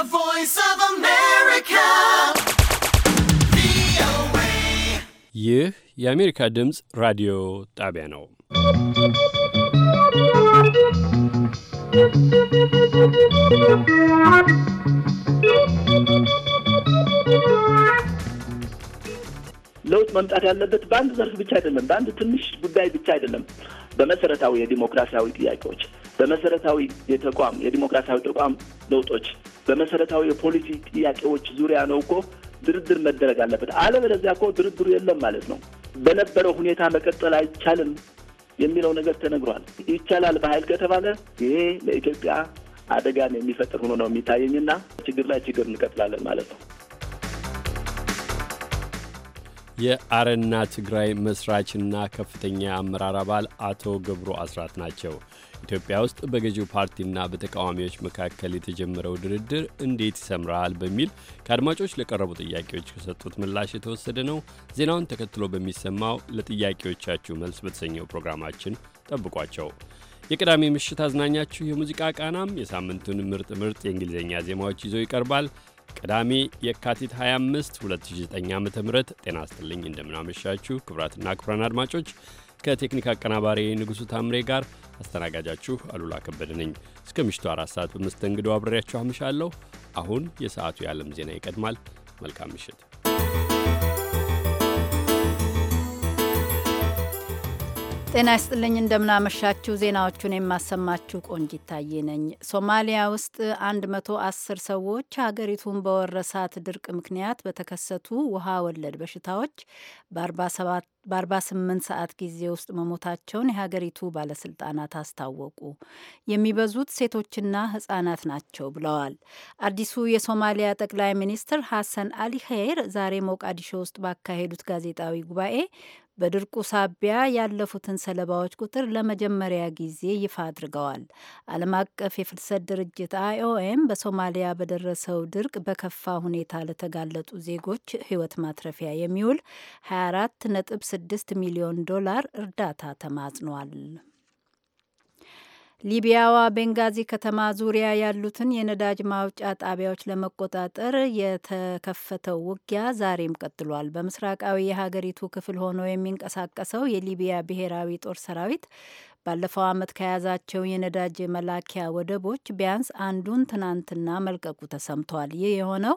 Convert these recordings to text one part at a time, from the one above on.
The voice of America. ይህ የአሜሪካ ድምፅ ራዲዮ ጣቢያ ነው። ለውጥ መምጣት ያለበት በአንድ ዘርፍ ብቻ አይደለም፣ በአንድ ትንሽ ጉዳይ ብቻ አይደለም፣ በመሰረታዊ የዲሞክራሲያዊ ጥያቄዎች በመሰረታዊ የተቋም የዲሞክራሲያዊ ተቋም ለውጦች፣ በመሰረታዊ የፖሊሲ ጥያቄዎች ዙሪያ ነው እኮ ድርድር መደረግ አለበት። አለበለዚያ እኮ ድርድሩ የለም ማለት ነው። በነበረው ሁኔታ መቀጠል አይቻልም የሚለው ነገር ተነግሯል። ይቻላል በኃይል ከተባለ ይሄ ለኢትዮጵያ አደጋን የሚፈጥር ሆኖ ነው የሚታየኝና ችግር ላይ ችግር እንቀጥላለን ማለት ነው። የአረና ትግራይ መስራችና ከፍተኛ አመራር አባል አቶ ገብሩ አስራት ናቸው። ኢትዮጵያ ውስጥ በገዢው ፓርቲና በተቃዋሚዎች መካከል የተጀመረው ድርድር እንዴት ይሰምራል በሚል ከአድማጮች ለቀረቡ ጥያቄዎች ከሰጡት ምላሽ የተወሰደ ነው። ዜናውን ተከትሎ በሚሰማው ለጥያቄዎቻችሁ መልስ በተሰኘው ፕሮግራማችን ጠብቋቸው። የቅዳሜ ምሽት አዝናኛችሁ የሙዚቃ ቃናም የሳምንቱን ምርጥ ምርጥ የእንግሊዝኛ ዜማዎች ይዞ ይቀርባል። ቅዳሜ የካቲት 25 2009 ዓ ም ጤና ይስጥልኝ። እንደምናመሻችሁ ክቡራትና ክቡራን አድማጮች ከቴክኒክ አቀናባሪ ንጉሡ ታምሬ ጋር አስተናጋጃችሁ አሉላ ከበደ ነኝ። እስከ ምሽቱ አራት ሰዓት በመስተንግዶ አብሬያችሁ አምሻለሁ። አሁን የሰዓቱ የዓለም ዜና ይቀድማል። መልካም ምሽት። ጤና ይስጥልኝ እንደምናመሻችሁ። ዜናዎቹን የማሰማችሁ ቆንጅ ይታየ ነኝ። ሶማሊያ ውስጥ 110 ሰዎች ሀገሪቱን በወረሳት ድርቅ ምክንያት በተከሰቱ ውሃ ወለድ በሽታዎች በ48 ሰዓት ጊዜ ውስጥ መሞታቸውን የሀገሪቱ ባለስልጣናት አስታወቁ። የሚበዙት ሴቶችና ህጻናት ናቸው ብለዋል። አዲሱ የሶማሊያ ጠቅላይ ሚኒስትር ሐሰን አሊ ኸይር ዛሬ ሞቃዲሾ ውስጥ ባካሄዱት ጋዜጣዊ ጉባኤ በድርቁ ሳቢያ ያለፉትን ሰለባዎች ቁጥር ለመጀመሪያ ጊዜ ይፋ አድርገዋል። ዓለም አቀፍ የፍልሰት ድርጅት አይኦኤም በሶማሊያ በደረሰው ድርቅ በከፋ ሁኔታ ለተጋለጡ ዜጎች ሕይወት ማትረፊያ የሚውል 24.6 ሚሊዮን ዶላር እርዳታ ተማጽኗል። ሊቢያዋ ቤንጋዚ ከተማ ዙሪያ ያሉትን የነዳጅ ማውጫ ጣቢያዎች ለመቆጣጠር የተከፈተው ውጊያ ዛሬም ቀጥሏል። በምስራቃዊ የሀገሪቱ ክፍል ሆኖ የሚንቀሳቀሰው የሊቢያ ብሔራዊ ጦር ሰራዊት ባለፈው ዓመት ከያዛቸው የነዳጅ መላኪያ ወደቦች ቢያንስ አንዱን ትናንትና መልቀቁ ተሰምቷል። ይህ የሆነው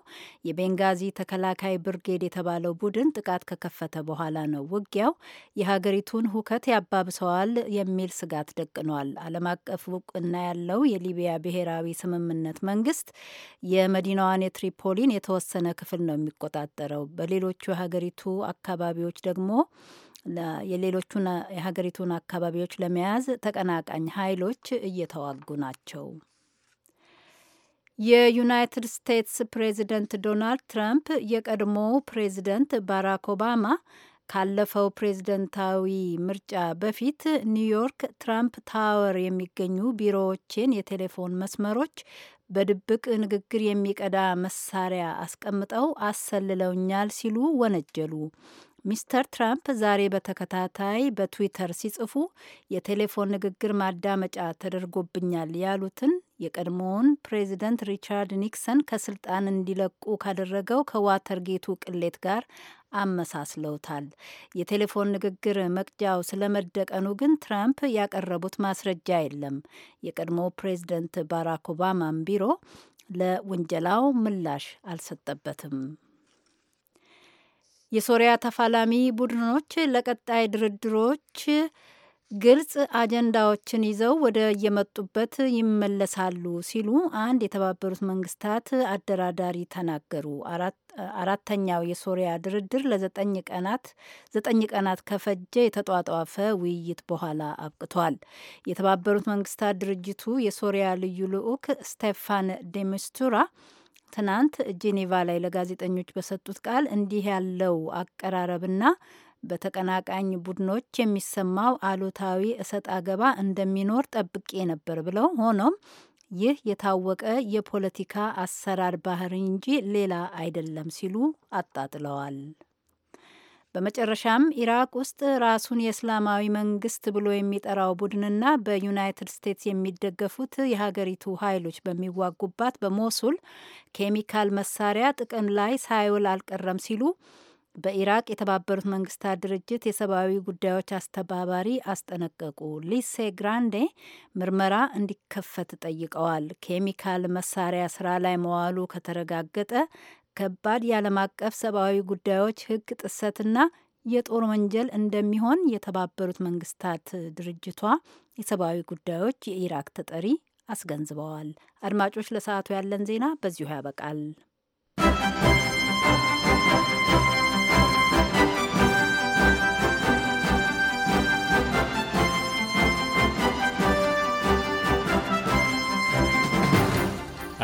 የቤንጋዚ ተከላካይ ብርጌድ የተባለው ቡድን ጥቃት ከከፈተ በኋላ ነው። ውጊያው የሀገሪቱን ሁከት ያባብሰዋል የሚል ስጋት ደቅኗል። ዓለም አቀፍ እውቅና ያለው የሊቢያ ብሔራዊ ስምምነት መንግስት የመዲናዋን የትሪፖሊን የተወሰነ ክፍል ነው የሚቆጣጠረው። በሌሎቹ የሀገሪቱ አካባቢዎች ደግሞ የሌሎቹን የሀገሪቱን አካባቢዎች ለመያዝ ተቀናቃኝ ኃይሎች እየተዋጉ ናቸው። የዩናይትድ ስቴትስ ፕሬዚደንት ዶናልድ ትራምፕ የቀድሞው ፕሬዚደንት ባራክ ኦባማ ካለፈው ፕሬዝደንታዊ ምርጫ በፊት ኒውዮርክ ትራምፕ ታወር የሚገኙ ቢሮዎችን የቴሌፎን መስመሮች በድብቅ ንግግር የሚቀዳ መሳሪያ አስቀምጠው አሰልለውኛል ሲሉ ወነጀሉ። ሚስተር ትራምፕ ዛሬ በተከታታይ በትዊተር ሲጽፉ የቴሌፎን ንግግር ማዳመጫ ተደርጎብኛል ያሉትን የቀድሞውን ፕሬዚደንት ሪቻርድ ኒክሰን ከስልጣን እንዲለቁ ካደረገው ከዋተርጌቱ ቅሌት ጋር አመሳስለውታል። የቴሌፎን ንግግር መቅጃው ስለመደቀኑ ግን ትራምፕ ያቀረቡት ማስረጃ የለም። የቀድሞ ፕሬዚደንት ባራክ ኦባማም ቢሮ ለውንጀላው ምላሽ አልሰጠበትም። የሶሪያ ተፋላሚ ቡድኖች ለቀጣይ ድርድሮች ግልጽ አጀንዳዎችን ይዘው ወደ የመጡበት ይመለሳሉ ሲሉ አንድ የተባበሩት መንግስታት አደራዳሪ ተናገሩ። አራተኛው የሶሪያ ድርድር ለዘጠኝ ቀናት ዘጠኝ ቀናት ከፈጀ የተጧጧፈ ውይይት በኋላ አብቅቷል። የተባበሩት መንግስታት ድርጅቱ የሶሪያ ልዩ ልዑክ ስቴፋን ዴሚስቱራ ትናንት ጄኔቫ ላይ ለጋዜጠኞች በሰጡት ቃል እንዲህ ያለው አቀራረብና በተቀናቃኝ ቡድኖች የሚሰማው አሉታዊ እሰጥ አገባ እንደሚኖር ጠብቄ ነበር ብለው፣ ሆኖም ይህ የታወቀ የፖለቲካ አሰራር ባህሪ እንጂ ሌላ አይደለም ሲሉ አጣጥለዋል። በመጨረሻም ኢራቅ ውስጥ ራሱን የእስላማዊ መንግስት ብሎ የሚጠራው ቡድንና በዩናይትድ ስቴትስ የሚደገፉት የሀገሪቱ ኃይሎች በሚዋጉባት በሞሱል ኬሚካል መሳሪያ ጥቅም ላይ ሳይውል አልቀረም ሲሉ በኢራቅ የተባበሩት መንግስታት ድርጅት የሰብአዊ ጉዳዮች አስተባባሪ አስጠነቀቁ። ሊሴ ግራንዴ ምርመራ እንዲከፈት ጠይቀዋል። ኬሚካል መሳሪያ ስራ ላይ መዋሉ ከተረጋገጠ ከባድ የዓለም አቀፍ ሰብአዊ ጉዳዮች ሕግ ጥሰትና የጦር ወንጀል እንደሚሆን የተባበሩት መንግስታት ድርጅቷ የሰብአዊ ጉዳዮች የኢራቅ ተጠሪ አስገንዝበዋል። አድማጮች፣ ለሰዓቱ ያለን ዜና በዚሁ ያበቃል።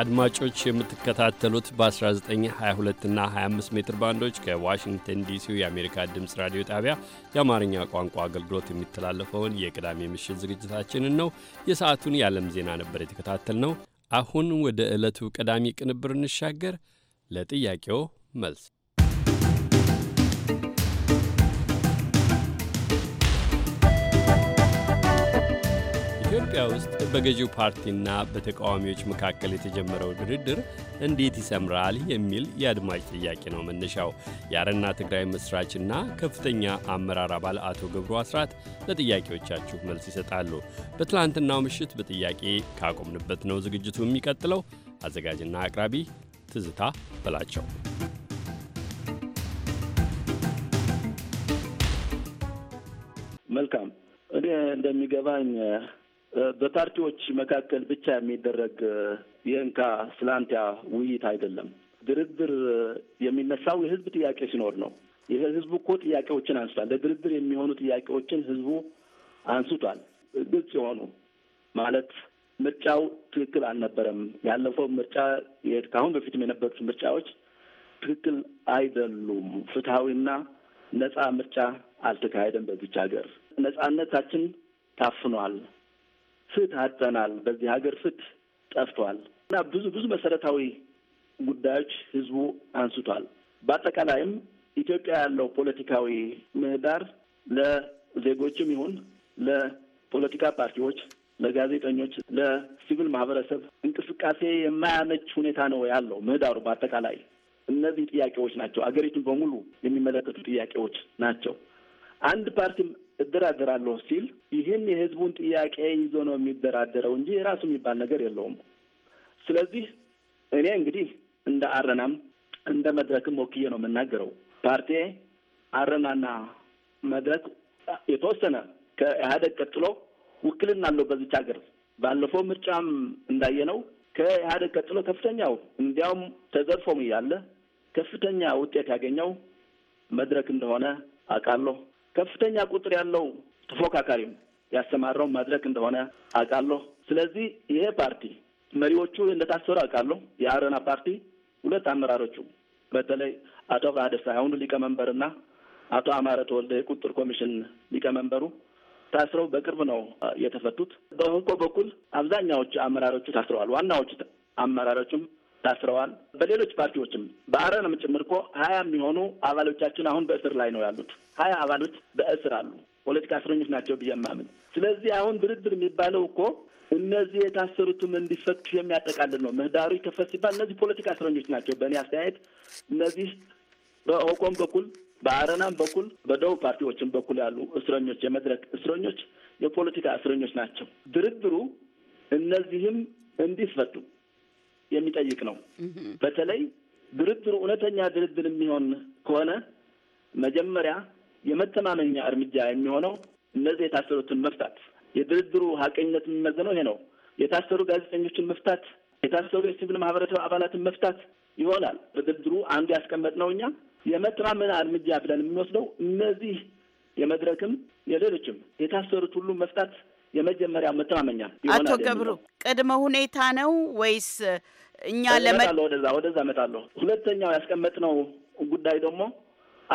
አድማጮች የምትከታተሉት በ1922 እና 25 ሜትር ባንዶች ከዋሽንግተን ዲሲው የአሜሪካ ድምፅ ራዲዮ ጣቢያ የአማርኛ ቋንቋ አገልግሎት የሚተላለፈውን የቅዳሜ ምሽት ዝግጅታችንን ነው። የሰዓቱን የዓለም ዜና ነበር የተከታተል ነው። አሁን ወደ ዕለቱ ቀዳሚ ቅንብር እንሻገር። ለጥያቄው መልስ ኢትዮጵያ ውስጥ በገዢው ፓርቲና በተቃዋሚዎች መካከል የተጀመረው ድርድር እንዴት ይሰምራል የሚል የአድማጭ ጥያቄ ነው መነሻው። የአረና ትግራይ መስራችና ከፍተኛ አመራር አባል አቶ ገብሩ አስራት ለጥያቄዎቻችሁ መልስ ይሰጣሉ። በትላንትናው ምሽት በጥያቄ ካቆምንበት ነው ዝግጅቱ የሚቀጥለው። አዘጋጅና አቅራቢ ትዝታ በላቸው። መልካም እኔ እንደሚገባኝ በፓርቲዎች መካከል ብቻ የሚደረግ የእንካ ስላንቲያ ውይይት አይደለም። ድርድር የሚነሳው የህዝብ ጥያቄ ሲኖር ነው። የህዝቡ እኮ ጥያቄዎችን አንስቷል። ለድርድር የሚሆኑ ጥያቄዎችን ህዝቡ አንስቷል። ግልጽ የሆኑ ማለት ምርጫው ትክክል አልነበረም። ያለፈው ምርጫ ከአሁን በፊትም የነበሩት ምርጫዎች ትክክል አይደሉም። ፍትሐዊና ነጻ ምርጫ አልተካሄደም። በዚች ሀገር ነጻነታችን ታፍኗል። ፍትህ አጠናል። በዚህ ሀገር ፍትህ ጠፍቷል እና ብዙ ብዙ መሰረታዊ ጉዳዮች ህዝቡ አንስቷል። በአጠቃላይም ኢትዮጵያ ያለው ፖለቲካዊ ምህዳር ለዜጎችም ይሁን ለፖለቲካ ፓርቲዎች፣ ለጋዜጠኞች፣ ለሲቪል ማህበረሰብ እንቅስቃሴ የማያመች ሁኔታ ነው ያለው ምህዳሩ በአጠቃላይ እነዚህ ጥያቄዎች ናቸው። አገሪቱን በሙሉ የሚመለከቱ ጥያቄዎች ናቸው። አንድ ፓርቲም እደራደራለሁ ሲል ይህን የህዝቡን ጥያቄ ይዞ ነው የሚደራደረው እንጂ የራሱ የሚባል ነገር የለውም። ስለዚህ እኔ እንግዲህ እንደ አረናም እንደ መድረክም ወክዬ ነው የምናገረው። ፓርቲ አረናና መድረክ የተወሰነ ከኢህአደግ ቀጥሎ ውክልና አለው በዚች ሀገር። ባለፈው ምርጫም እንዳየነው ከኢህአደግ ቀጥሎ ከፍተኛው እንዲያውም ተዘርፎም እያለ ከፍተኛ ውጤት ያገኘው መድረክ እንደሆነ አውቃለሁ። ከፍተኛ ቁጥር ያለው ተፎካካሪም ያሰማራው መድረክ እንደሆነ አውቃለሁ። ስለዚህ ይሄ ፓርቲ መሪዎቹ እንደታሰሩ አውቃለሁ። የአረና ፓርቲ ሁለት አመራሮቹ በተለይ አቶ አብርሃ ደስታ ሊቀመንበርና አቶ አማረ ተወልደ የቁጥጥር ኮሚሽን ሊቀመንበሩ ታስረው በቅርብ ነው የተፈቱት። በህጎ በኩል አብዛኛዎቹ አመራሮቹ ታስረዋል። ዋናዎቹ አመራሮቹም ታስረዋል። በሌሎች ፓርቲዎችም በአረናም ጭምር እኮ ሀያ የሚሆኑ አባሎቻችን አሁን በእስር ላይ ነው ያሉት። ሀያ አባሎች በእስር አሉ። ፖለቲካ እስረኞች ናቸው ብዬ ማምን ስለዚህ አሁን ድርድር የሚባለው እኮ እነዚህ የታሰሩትም እንዲፈቱ የሚያጠቃልል ነው። ምህዳሩ ይከፈት ሲባል እነዚህ ፖለቲካ እስረኞች ናቸው። በእኔ አስተያየት እነዚህ በኦቆም በኩል በአረናም በኩል በደቡብ ፓርቲዎችም በኩል ያሉ እስረኞች የመድረክ እስረኞች የፖለቲካ እስረኞች ናቸው። ድርድሩ እነዚህም እንዲፈቱ የሚጠይቅ ነው። በተለይ ድርድሩ እውነተኛ ድርድር የሚሆን ከሆነ መጀመሪያ የመተማመኛ እርምጃ የሚሆነው እነዚህ የታሰሩትን መፍታት፣ የድርድሩ ሀቀኝነት የሚመዘነው ይሄ ነው። የታሰሩ ጋዜጠኞችን መፍታት፣ የታሰሩ የሲቪል ማህበረሰብ አባላትን መፍታት ይሆናል። በድርድሩ አንዱ ያስቀመጥነው እኛ የመተማመኛ እርምጃ ብለን የምንወስደው እነዚህ የመድረክም የሌሎችም የታሰሩት ሁሉ መፍታት የመጀመሪያ መተማመኛ። አቶ ገብሩ ቅድመ ሁኔታ ነው ወይስ እኛ ለመ ወደዛ ወደዛ እመጣለሁ። ሁለተኛው ያስቀመጥነው ጉዳይ ደግሞ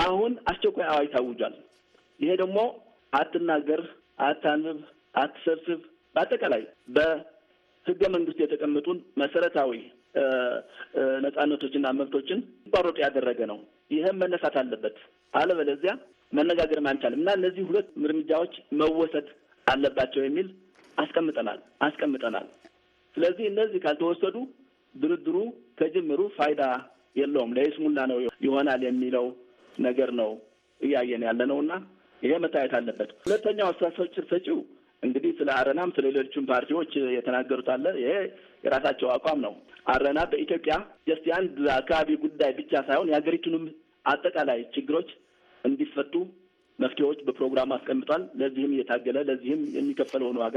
አሁን አስቸኳይ አዋጅ ታውጇል። ይሄ ደግሞ አትናገር፣ አታንብብ፣ አትሰብስብ በአጠቃላይ በህገ መንግስቱ የተቀመጡን መሰረታዊ ነጻነቶችና መብቶችን ይቋረጡ ያደረገ ነው። ይህም መነሳት አለበት። አለበለዚያ መነጋገርም አንቻልም እና እነዚህ ሁለት እርምጃዎች መወሰድ አለባቸው የሚል አስቀምጠናል አስቀምጠናል። ስለዚህ እነዚህ ካልተወሰዱ ድርድሩ ከጅምሩ ፋይዳ የለውም፣ ለይስሙላ ነው ይሆናል የሚለው ነገር ነው እያየን ያለ ነው እና ይሄ መታየት አለበት። ሁለተኛው አስተሳሰብ ሰጪው እንግዲህ ስለ አረናም ስለ ሌሎችም ፓርቲዎች የተናገሩት አለ። ይሄ የራሳቸው አቋም ነው። አረና በኢትዮጵያ ጀስት የአንድ አካባቢ ጉዳይ ብቻ ሳይሆን የሀገሪቱንም አጠቃላይ ችግሮች እንዲፈቱ መፍትሄዎች በፕሮግራም አስቀምጧል። ለዚህም እየታገለ ለዚህም የሚከፈለውን ዋጋ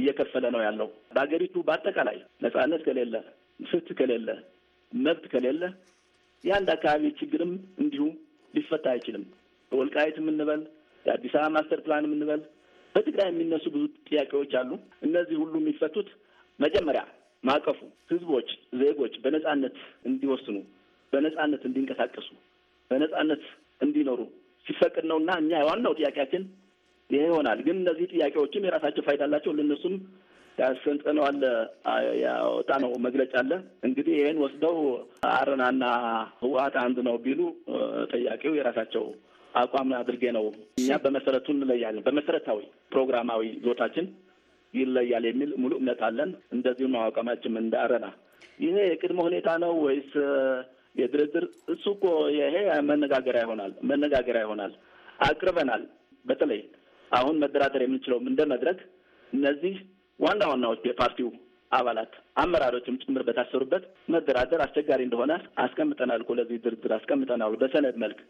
እየከፈለ ነው ያለው። በሀገሪቱ በአጠቃላይ ነጻነት ከሌለ፣ ፍትህ ከሌለ፣ መብት ከሌለ የአንድ አካባቢ ችግርም እንዲሁ ሊፈታ አይችልም። በወልቃይት የምንበል የአዲስ አበባ ማስተር ፕላን የምንበል በትግራይ የሚነሱ ብዙ ጥያቄዎች አሉ። እነዚህ ሁሉ የሚፈቱት መጀመሪያ ማዕቀፉ ህዝቦች፣ ዜጎች በነጻነት እንዲወስኑ፣ በነጻነት እንዲንቀሳቀሱ፣ በነጻነት እንዲኖሩ ሲፈቅድ ነው እና እኛ ዋናው ጥያቄያችን ይሄ ይሆናል። ግን እነዚህ ጥያቄዎችም የራሳቸው ፋይዳ አላቸው። ልንሱም ያሰንጠነዋል ያወጣ ነው መግለጫ አለ። እንግዲህ ይህን ወስደው አረናና ህወሀት አንድ ነው ቢሉ ጠያቂው የራሳቸው አቋም አድርጌ ነው። እኛ በመሰረቱ እንለያለን። በመሰረታዊ ፕሮግራማዊ ዞታችን ይለያል የሚል ሙሉ እምነት አለን። እንደዚሁም አቋማችን አረና ይሄ የቅድመ ሁኔታ ነው ወይስ የድርድር እሱ እኮ ይሄ መነጋገሪያ ይሆናል መነጋገሪያ ይሆናል አቅርበናል። በተለይ አሁን መደራደር የምንችለው እንደ መድረክ እነዚህ ዋና ዋናዎች የፓርቲው አባላት አመራሮችም ጭምር በታሰሩበት መደራደር አስቸጋሪ እንደሆነ አስቀምጠናል እኮ ለዚህ ድርድር አስቀምጠናል በሰነድ መልክ።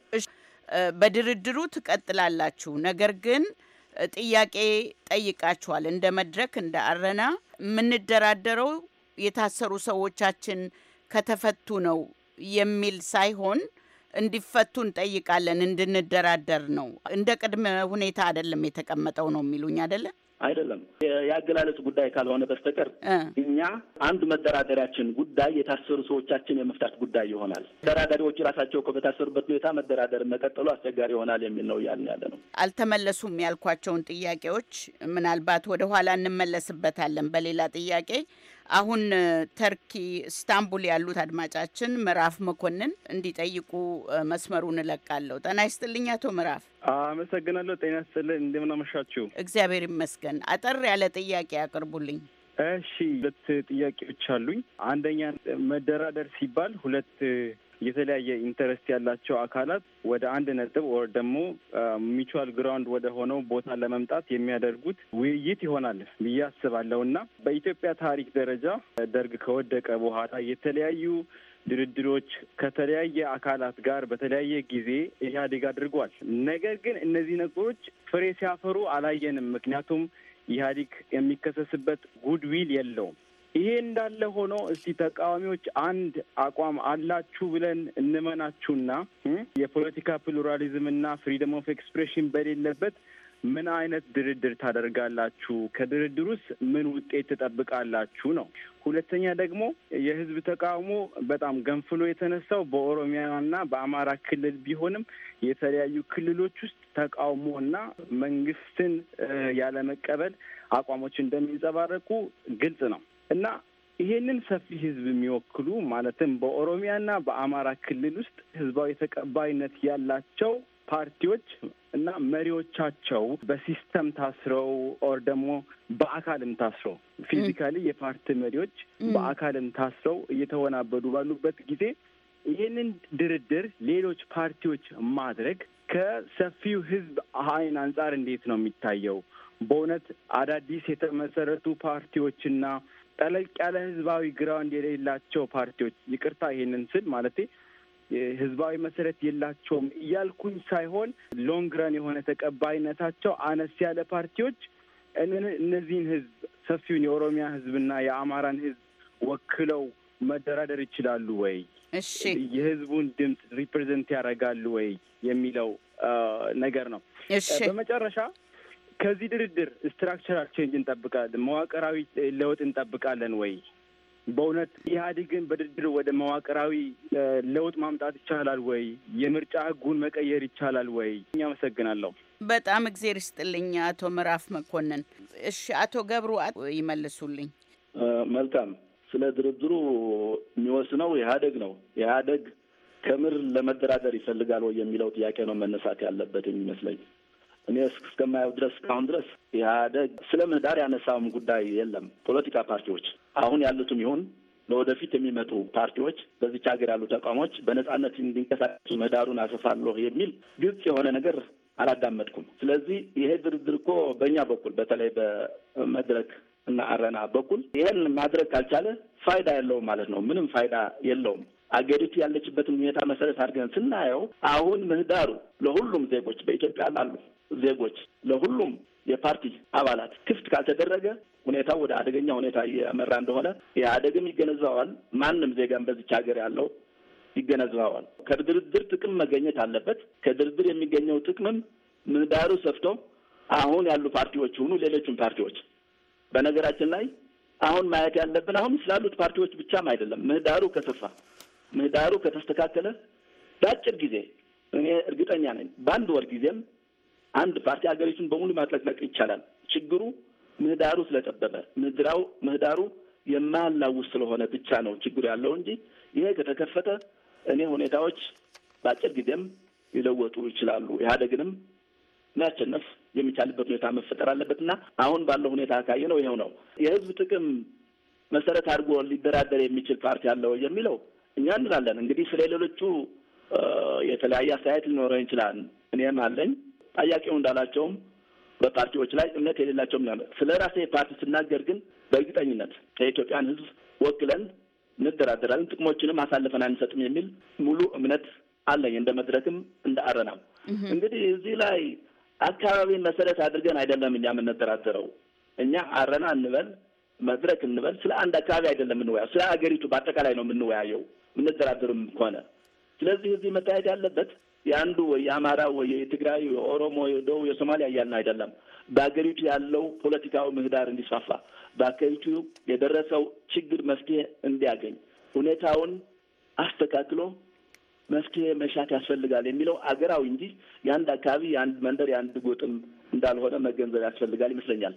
በድርድሩ ትቀጥላላችሁ። ነገር ግን ጥያቄ ጠይቃችኋል። እንደ መድረክ እንደ አረና የምንደራደረው የታሰሩ ሰዎቻችን ከተፈቱ ነው የሚል ሳይሆን እንዲፈቱ እንጠይቃለን፣ እንድንደራደር ነው። እንደ ቅድመ ሁኔታ አይደለም የተቀመጠው ነው የሚሉኝ አይደለም። አይደለም የአገላለጽ ጉዳይ ካልሆነ በስተቀር እኛ አንድ መደራደሪያችን ጉዳይ የታሰሩ ሰዎቻችን የመፍታት ጉዳይ ይሆናል። ደራዳሪዎች ራሳቸው እኮ በታሰሩበት ሁኔታ መደራደር መቀጠሉ አስቸጋሪ ይሆናል የሚል ነው እያልን ያለ ነው። አልተመለሱም ያልኳቸውን ጥያቄዎች ምናልባት ወደኋላ እንመለስበታለን በሌላ ጥያቄ አሁን ተርኪ ኢስታንቡል ያሉት አድማጫችን ምዕራፍ መኮንን እንዲጠይቁ መስመሩን እለቃለሁ። ጤና ይስጥልኝ አቶ ምዕራፍ። አመሰግናለሁ። ጤና ይስጥልኝ። እንደምን አመሻችሁ? እግዚአብሔር ይመስገን። አጠር ያለ ጥያቄ ያቅርቡልኝ። እሺ፣ ሁለት ጥያቄዎች አሉኝ። አንደኛ መደራደር ሲባል ሁለት የተለያየ ኢንተረስት ያላቸው አካላት ወደ አንድ ነጥብ ወር ደግሞ ሚቹዋል ግራውንድ ወደ ሆነው ቦታ ለመምጣት የሚያደርጉት ውይይት ይሆናል ብዬ አስባለሁ እና በኢትዮጵያ ታሪክ ደረጃ ደርግ ከወደቀ በኋላ የተለያዩ ድርድሮች ከተለያየ አካላት ጋር በተለያየ ጊዜ ኢህአዴግ አድርጓል። ነገር ግን እነዚህ ነገሮች ፍሬ ሲያፈሩ አላየንም። ምክንያቱም ኢህአዴግ የሚከሰስበት ጉድዊል የለውም። ይሄ እንዳለ ሆኖ እስቲ ተቃዋሚዎች አንድ አቋም አላችሁ ብለን እንመናችሁና የፖለቲካ ፕሉራሊዝም ና ፍሪደም ኦፍ ኤክስፕሬሽን በሌለበት ምን አይነት ድርድር ታደርጋላችሁ? ከድርድር ውስጥ ምን ውጤት ትጠብቃላችሁ ነው። ሁለተኛ ደግሞ የህዝብ ተቃውሞ በጣም ገንፍሎ የተነሳው በኦሮሚያና በአማራ ክልል ቢሆንም የተለያዩ ክልሎች ውስጥ ተቃውሞ እና መንግስትን ያለመቀበል አቋሞች እንደሚንጸባረቁ ግልጽ ነው። እና ይሄንን ሰፊ ህዝብ የሚወክሉ ማለትም በኦሮሚያና በአማራ ክልል ውስጥ ህዝባዊ ተቀባይነት ያላቸው ፓርቲዎች እና መሪዎቻቸው በሲስተም ታስረው ኦር ደግሞ በአካልም ታስረው ፊዚካሊ የፓርቲ መሪዎች በአካልም ታስረው እየተወናበዱ ባሉበት ጊዜ ይህንን ድርድር ሌሎች ፓርቲዎች ማድረግ ከሰፊው ህዝብ አይን አንጻር እንዴት ነው የሚታየው? በእውነት አዳዲስ የተመሰረቱ ፓርቲዎችና ጠለቅ ያለ ህዝባዊ ግራውንድ የሌላቸው ፓርቲዎች ይቅርታ፣ ይሄንን ስል ማለት ህዝባዊ መሰረት የላቸውም እያልኩኝ ሳይሆን ሎንግ ረን የሆነ ተቀባይነታቸው አነስ ያለ ፓርቲዎች እነዚህን ህዝብ ሰፊውን የኦሮሚያ ህዝብና የአማራን ህዝብ ወክለው መደራደር ይችላሉ ወይ? እሺ የህዝቡን ድምፅ ሪፕሬዘንት ያደርጋሉ ወይ የሚለው ነገር ነው። በመጨረሻ ከዚህ ድርድር ስትራክቸራል ቼንጅ እንጠብቃለን፣ መዋቅራዊ ለውጥ እንጠብቃለን ወይ? በእውነት ኢህአዴግን በድርድር ወደ መዋቅራዊ ለውጥ ማምጣት ይቻላል ወይ? የምርጫ ህጉን መቀየር ይቻላል ወይ? እኛ አመሰግናለሁ። በጣም እግዜር ይስጥልኝ አቶ ምዕራፍ መኮንን። እሺ አቶ ገብሩ ይመልሱልኝ። መልካም። ስለ ድርድሩ የሚወስነው ኢህአዴግ ነው። ኢህአዴግ ከምር ለመደራደር ይፈልጋል ወይ የሚለው ጥያቄ ነው መነሳት ያለበት የሚመስለኝ። እኔ እስከማየው ድረስ እስካሁን ድረስ ኢህአደግ ስለ ምህዳር ያነሳውም ጉዳይ የለም። ፖለቲካ ፓርቲዎች አሁን ያሉትም ይሁን ለወደፊት የሚመጡ ፓርቲዎች በዚች ሀገር ያሉ ተቋሞች በነጻነት እንዲንቀሳቀሱ ምህዳሩን አሰፋለሁ የሚል ግልጽ የሆነ ነገር አላዳመጥኩም። ስለዚህ ይሄ ድርድር እኮ በእኛ በኩል በተለይ በመድረክ እና አረና በኩል ይሄን ማድረግ ካልቻለ ፋይዳ የለውም ማለት ነው። ምንም ፋይዳ የለውም። አገሪቱ ያለችበትን ሁኔታ መሰረት አድርገን ስናየው አሁን ምህዳሩ ለሁሉም ዜጎች በኢትዮጵያ ላሉ ዜጎች ለሁሉም የፓርቲ አባላት ክፍት ካልተደረገ ሁኔታው ወደ አደገኛ ሁኔታ እየመራ እንደሆነ ኢህአዴግም ይገነዘበዋል። ማንም ዜጋም በዚች ሀገር ያለው ይገነዘበዋል። ከድርድር ጥቅም መገኘት አለበት። ከድርድር የሚገኘው ጥቅምም ምህዳሩ ሰፍቶ አሁን ያሉ ፓርቲዎች ሆኑ ሌሎችም ፓርቲዎች በነገራችን ላይ አሁን ማየት ያለብን አሁን ስላሉት ፓርቲዎች ብቻም አይደለም። ምህዳሩ ከሰፋ፣ ምህዳሩ ከተስተካከለ በአጭር ጊዜ እኔ እርግጠኛ ነኝ በአንድ ወር ጊዜም አንድ ፓርቲ ሀገሪቱን በሙሉ ማጥለቅለቅ ይቻላል። ችግሩ ምህዳሩ ስለጠበበ ምህዳሩ ምህዳሩ የማያላውስ ስለሆነ ብቻ ነው ችግሩ ያለው እንጂ ይሄ ከተከፈተ እኔ ሁኔታዎች በአጭር ጊዜም ሊለወጡ ይችላሉ። ኢህአደግንም የሚያሸነፍ የሚቻልበት ሁኔታ መፈጠር አለበትና አሁን ባለው ሁኔታ ካየ ነው ይኸው ነው የህዝብ ጥቅም መሰረት አድርጎ ሊደራደር የሚችል ፓርቲ አለው የሚለው እኛ እንላለን። እንግዲህ ስለሌሎቹ የተለያየ አስተያየት ሊኖረን ይችላል። እኔም አለኝ ጠያቂው እንዳላቸውም በፓርቲዎች ላይ እምነት የሌላቸውም ያለ። ስለ ራሴ ፓርቲ ስናገር ግን በእርግጠኝነት የኢትዮጵያን ሕዝብ ወክለን እንደራደራለን፣ ጥቅሞችንም አሳልፈን አንሰጥም የሚል ሙሉ እምነት አለኝ። እንደ መድረክም እንደ አረናም እንግዲህ እዚህ ላይ አካባቢን መሰረት አድርገን አይደለም እኛ የምንደራደረው። እኛ አረና እንበል መድረክ እንበል ስለ አንድ አካባቢ አይደለም የምንወያየው፣ ስለ ሀገሪቱ በአጠቃላይ ነው የምንወያየው የምንደራደርም ከሆነ። ስለዚህ እዚህ መታየት ያለበት የአንዱ ወይ የአማራ ወይ የትግራይ የኦሮሞ የደቡብ የሶማሊያ እያልን አይደለም። በሀገሪቱ ያለው ፖለቲካዊ ምህዳር እንዲስፋፋ፣ በሀገሪቱ የደረሰው ችግር መፍትሄ እንዲያገኝ ሁኔታውን አስተካክሎ መፍትሄ መሻት ያስፈልጋል የሚለው አገራዊ እንጂ የአንድ አካባቢ የአንድ መንደር የአንድ ጎጥም እንዳልሆነ መገንዘብ ያስፈልጋል ይመስለኛል።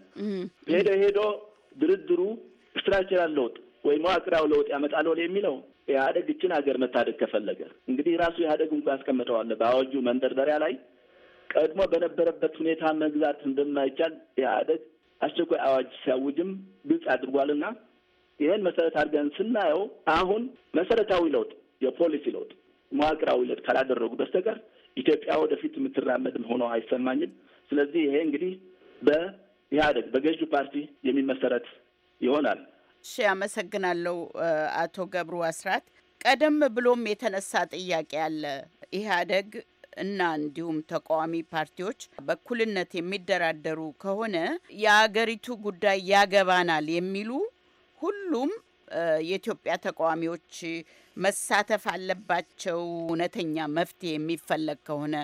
ሄዶ ሄዶ ድርድሩ ስትራክቸራል ለውጥ ወይ መዋቅራዊ ለውጥ ያመጣል የሚለው ኢህአደግ እችን ሀገር መታደግ ከፈለገ እንግዲህ ራሱ ኢህአደግ እንኳ ያስቀምጠዋል በአዋጁ መንደርደሪያ ላይ ቀድሞ በነበረበት ሁኔታ መግዛት እንደማይቻል ኢህአደግ አስቸኳይ አዋጅ ሲያውጅም ግልጽ አድርጓልና ይህን መሰረት አድርገን ስናየው አሁን መሰረታዊ ለውጥ የፖሊሲ ለውጥ መዋቅራዊ ለውጥ ካላደረጉ በስተቀር ኢትዮጵያ ወደፊት የምትራመድ ሆኖ አይሰማኝም። ስለዚህ ይሄ እንግዲህ በኢህአደግ በገዢ ፓርቲ የሚመሰረት ይሆናል። እሺ፣ አመሰግናለሁ አቶ ገብሩ አስራት። ቀደም ብሎም የተነሳ ጥያቄ አለ። ኢህአደግ እና እንዲሁም ተቃዋሚ ፓርቲዎች በእኩልነት የሚደራደሩ ከሆነ የአገሪቱ ጉዳይ ያገባናል የሚሉ ሁሉም የኢትዮጵያ ተቃዋሚዎች መሳተፍ አለባቸው፣ እውነተኛ መፍትሄ የሚፈለግ ከሆነ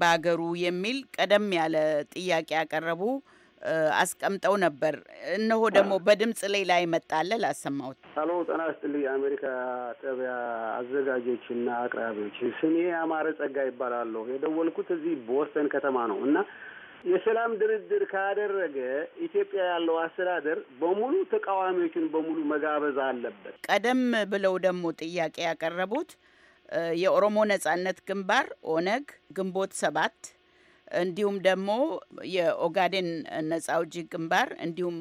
በአገሩ የሚል ቀደም ያለ ጥያቄ ያቀረቡ አስቀምጠው ነበር። እነሆ ደግሞ በድምፅ ላይ ላይ መጣለ ላሰማሁት። አሎ ጤና ይስጥልኝ። የአሜሪካ ጠቢያ አዘጋጆች አዘጋጆችና አቅራቢዎች ስሜ አማረ ጸጋ ይባላለሁ። የደወልኩት እዚህ ቦስተን ከተማ ነው እና የሰላም ድርድር ካደረገ ኢትዮጵያ ያለው አስተዳደር በሙሉ ተቃዋሚዎችን በሙሉ መጋበዝ አለበት። ቀደም ብለው ደግሞ ጥያቄ ያቀረቡት የኦሮሞ ነጻነት ግንባር ኦነግ፣ ግንቦት ሰባት እንዲሁም ደግሞ የኦጋዴን ነጻ አውጪ ግንባር እንዲሁም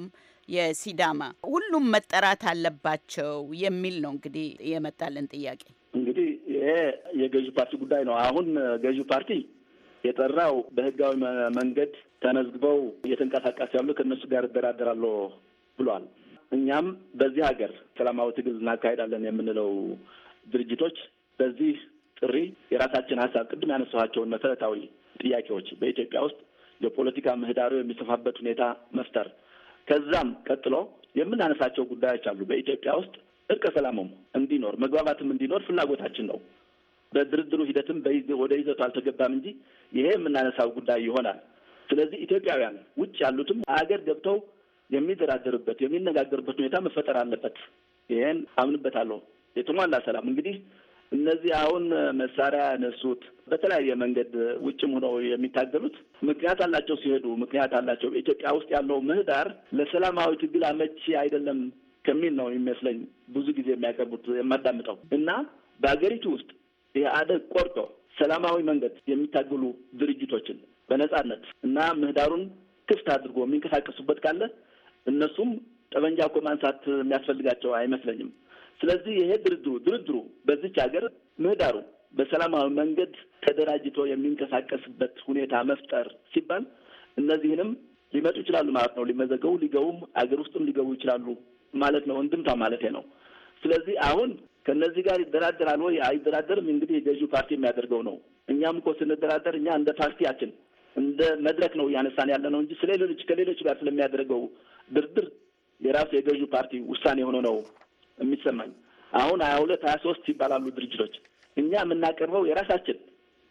የሲዳማ ሁሉም መጠራት አለባቸው የሚል ነው እንግዲህ የመጣልን ጥያቄ። እንግዲህ ይሄ የገዢ ፓርቲ ጉዳይ ነው። አሁን ገዢ ፓርቲ የጠራው በህጋዊ መንገድ ተመዝግበው እየተንቀሳቀስ ያሉ ከእነሱ ጋር እደራደራለሁ ብሏል። እኛም በዚህ ሀገር ሰላማዊ ትግል እናካሄዳለን የምንለው ድርጅቶች በዚህ ጥሪ የራሳችን ሀሳብ ቅድም ያነሳኋቸውን መሰረታዊ ጥያቄዎች በኢትዮጵያ ውስጥ የፖለቲካ ምህዳሩ የሚሰፋበት ሁኔታ መፍጠር፣ ከዛም ቀጥሎ የምናነሳቸው ጉዳዮች አሉ። በኢትዮጵያ ውስጥ እርቀ ሰላሙም እንዲኖር መግባባትም እንዲኖር ፍላጎታችን ነው። በድርድሩ ሂደትም ወደ ይዘቱ አልተገባም እንጂ ይሄ የምናነሳው ጉዳይ ይሆናል። ስለዚህ ኢትዮጵያውያን ውጭ ያሉትም አገር ገብተው የሚደራደርበት የሚነጋገርበት ሁኔታ መፈጠር አለበት። ይሄን አምንበታለሁ። የተሟላ ሰላም እንግዲህ እነዚህ አሁን መሳሪያ ያነሱት በተለያየ መንገድ ውጭም ሆነው የሚታገሉት ምክንያት አላቸው። ሲሄዱ ምክንያት አላቸው። በኢትዮጵያ ውስጥ ያለው ምህዳር ለሰላማዊ ትግል አመቺ አይደለም ከሚል ነው የሚመስለኝ ብዙ ጊዜ የሚያቀርቡት የማዳምጠው እና በሀገሪቱ ውስጥ የአደግ ቆርጦ ሰላማዊ መንገድ የሚታገሉ ድርጅቶችን በነጻነት እና ምህዳሩን ክፍት አድርጎ የሚንቀሳቀሱበት ካለ እነሱም ጠመንጃ እኮ ማንሳት የሚያስፈልጋቸው አይመስለኝም። ስለዚህ ይሄ ድርድሩ ድርድሩ በዚች ሀገር ምህዳሩ በሰላማዊ መንገድ ተደራጅቶ የሚንቀሳቀስበት ሁኔታ መፍጠር ሲባል እነዚህንም ሊመጡ ይችላሉ ማለት ነው። ሊመዘገቡ ሊገቡም አገር ውስጥም ሊገቡ ይችላሉ ማለት ነው። እንድምታ ማለት ነው። ስለዚህ አሁን ከእነዚህ ጋር ይደራደራል ወይ አይደራደርም? እንግዲህ የገዢ ፓርቲ የሚያደርገው ነው። እኛም እኮ ስንደራደር እኛ እንደ ፓርቲያችን እንደ መድረክ ነው እያነሳን ያለ ነው እንጂ ስለሌሎች ከሌሎች ጋር ስለሚያደርገው ድርድር የራሱ የገዢው ፓርቲ ውሳኔ የሆነ ነው የሚሰማኝ። አሁን ሀያ ሁለት ሀያ ሶስት ይባላሉ ድርጅቶች። እኛ የምናቀርበው የራሳችን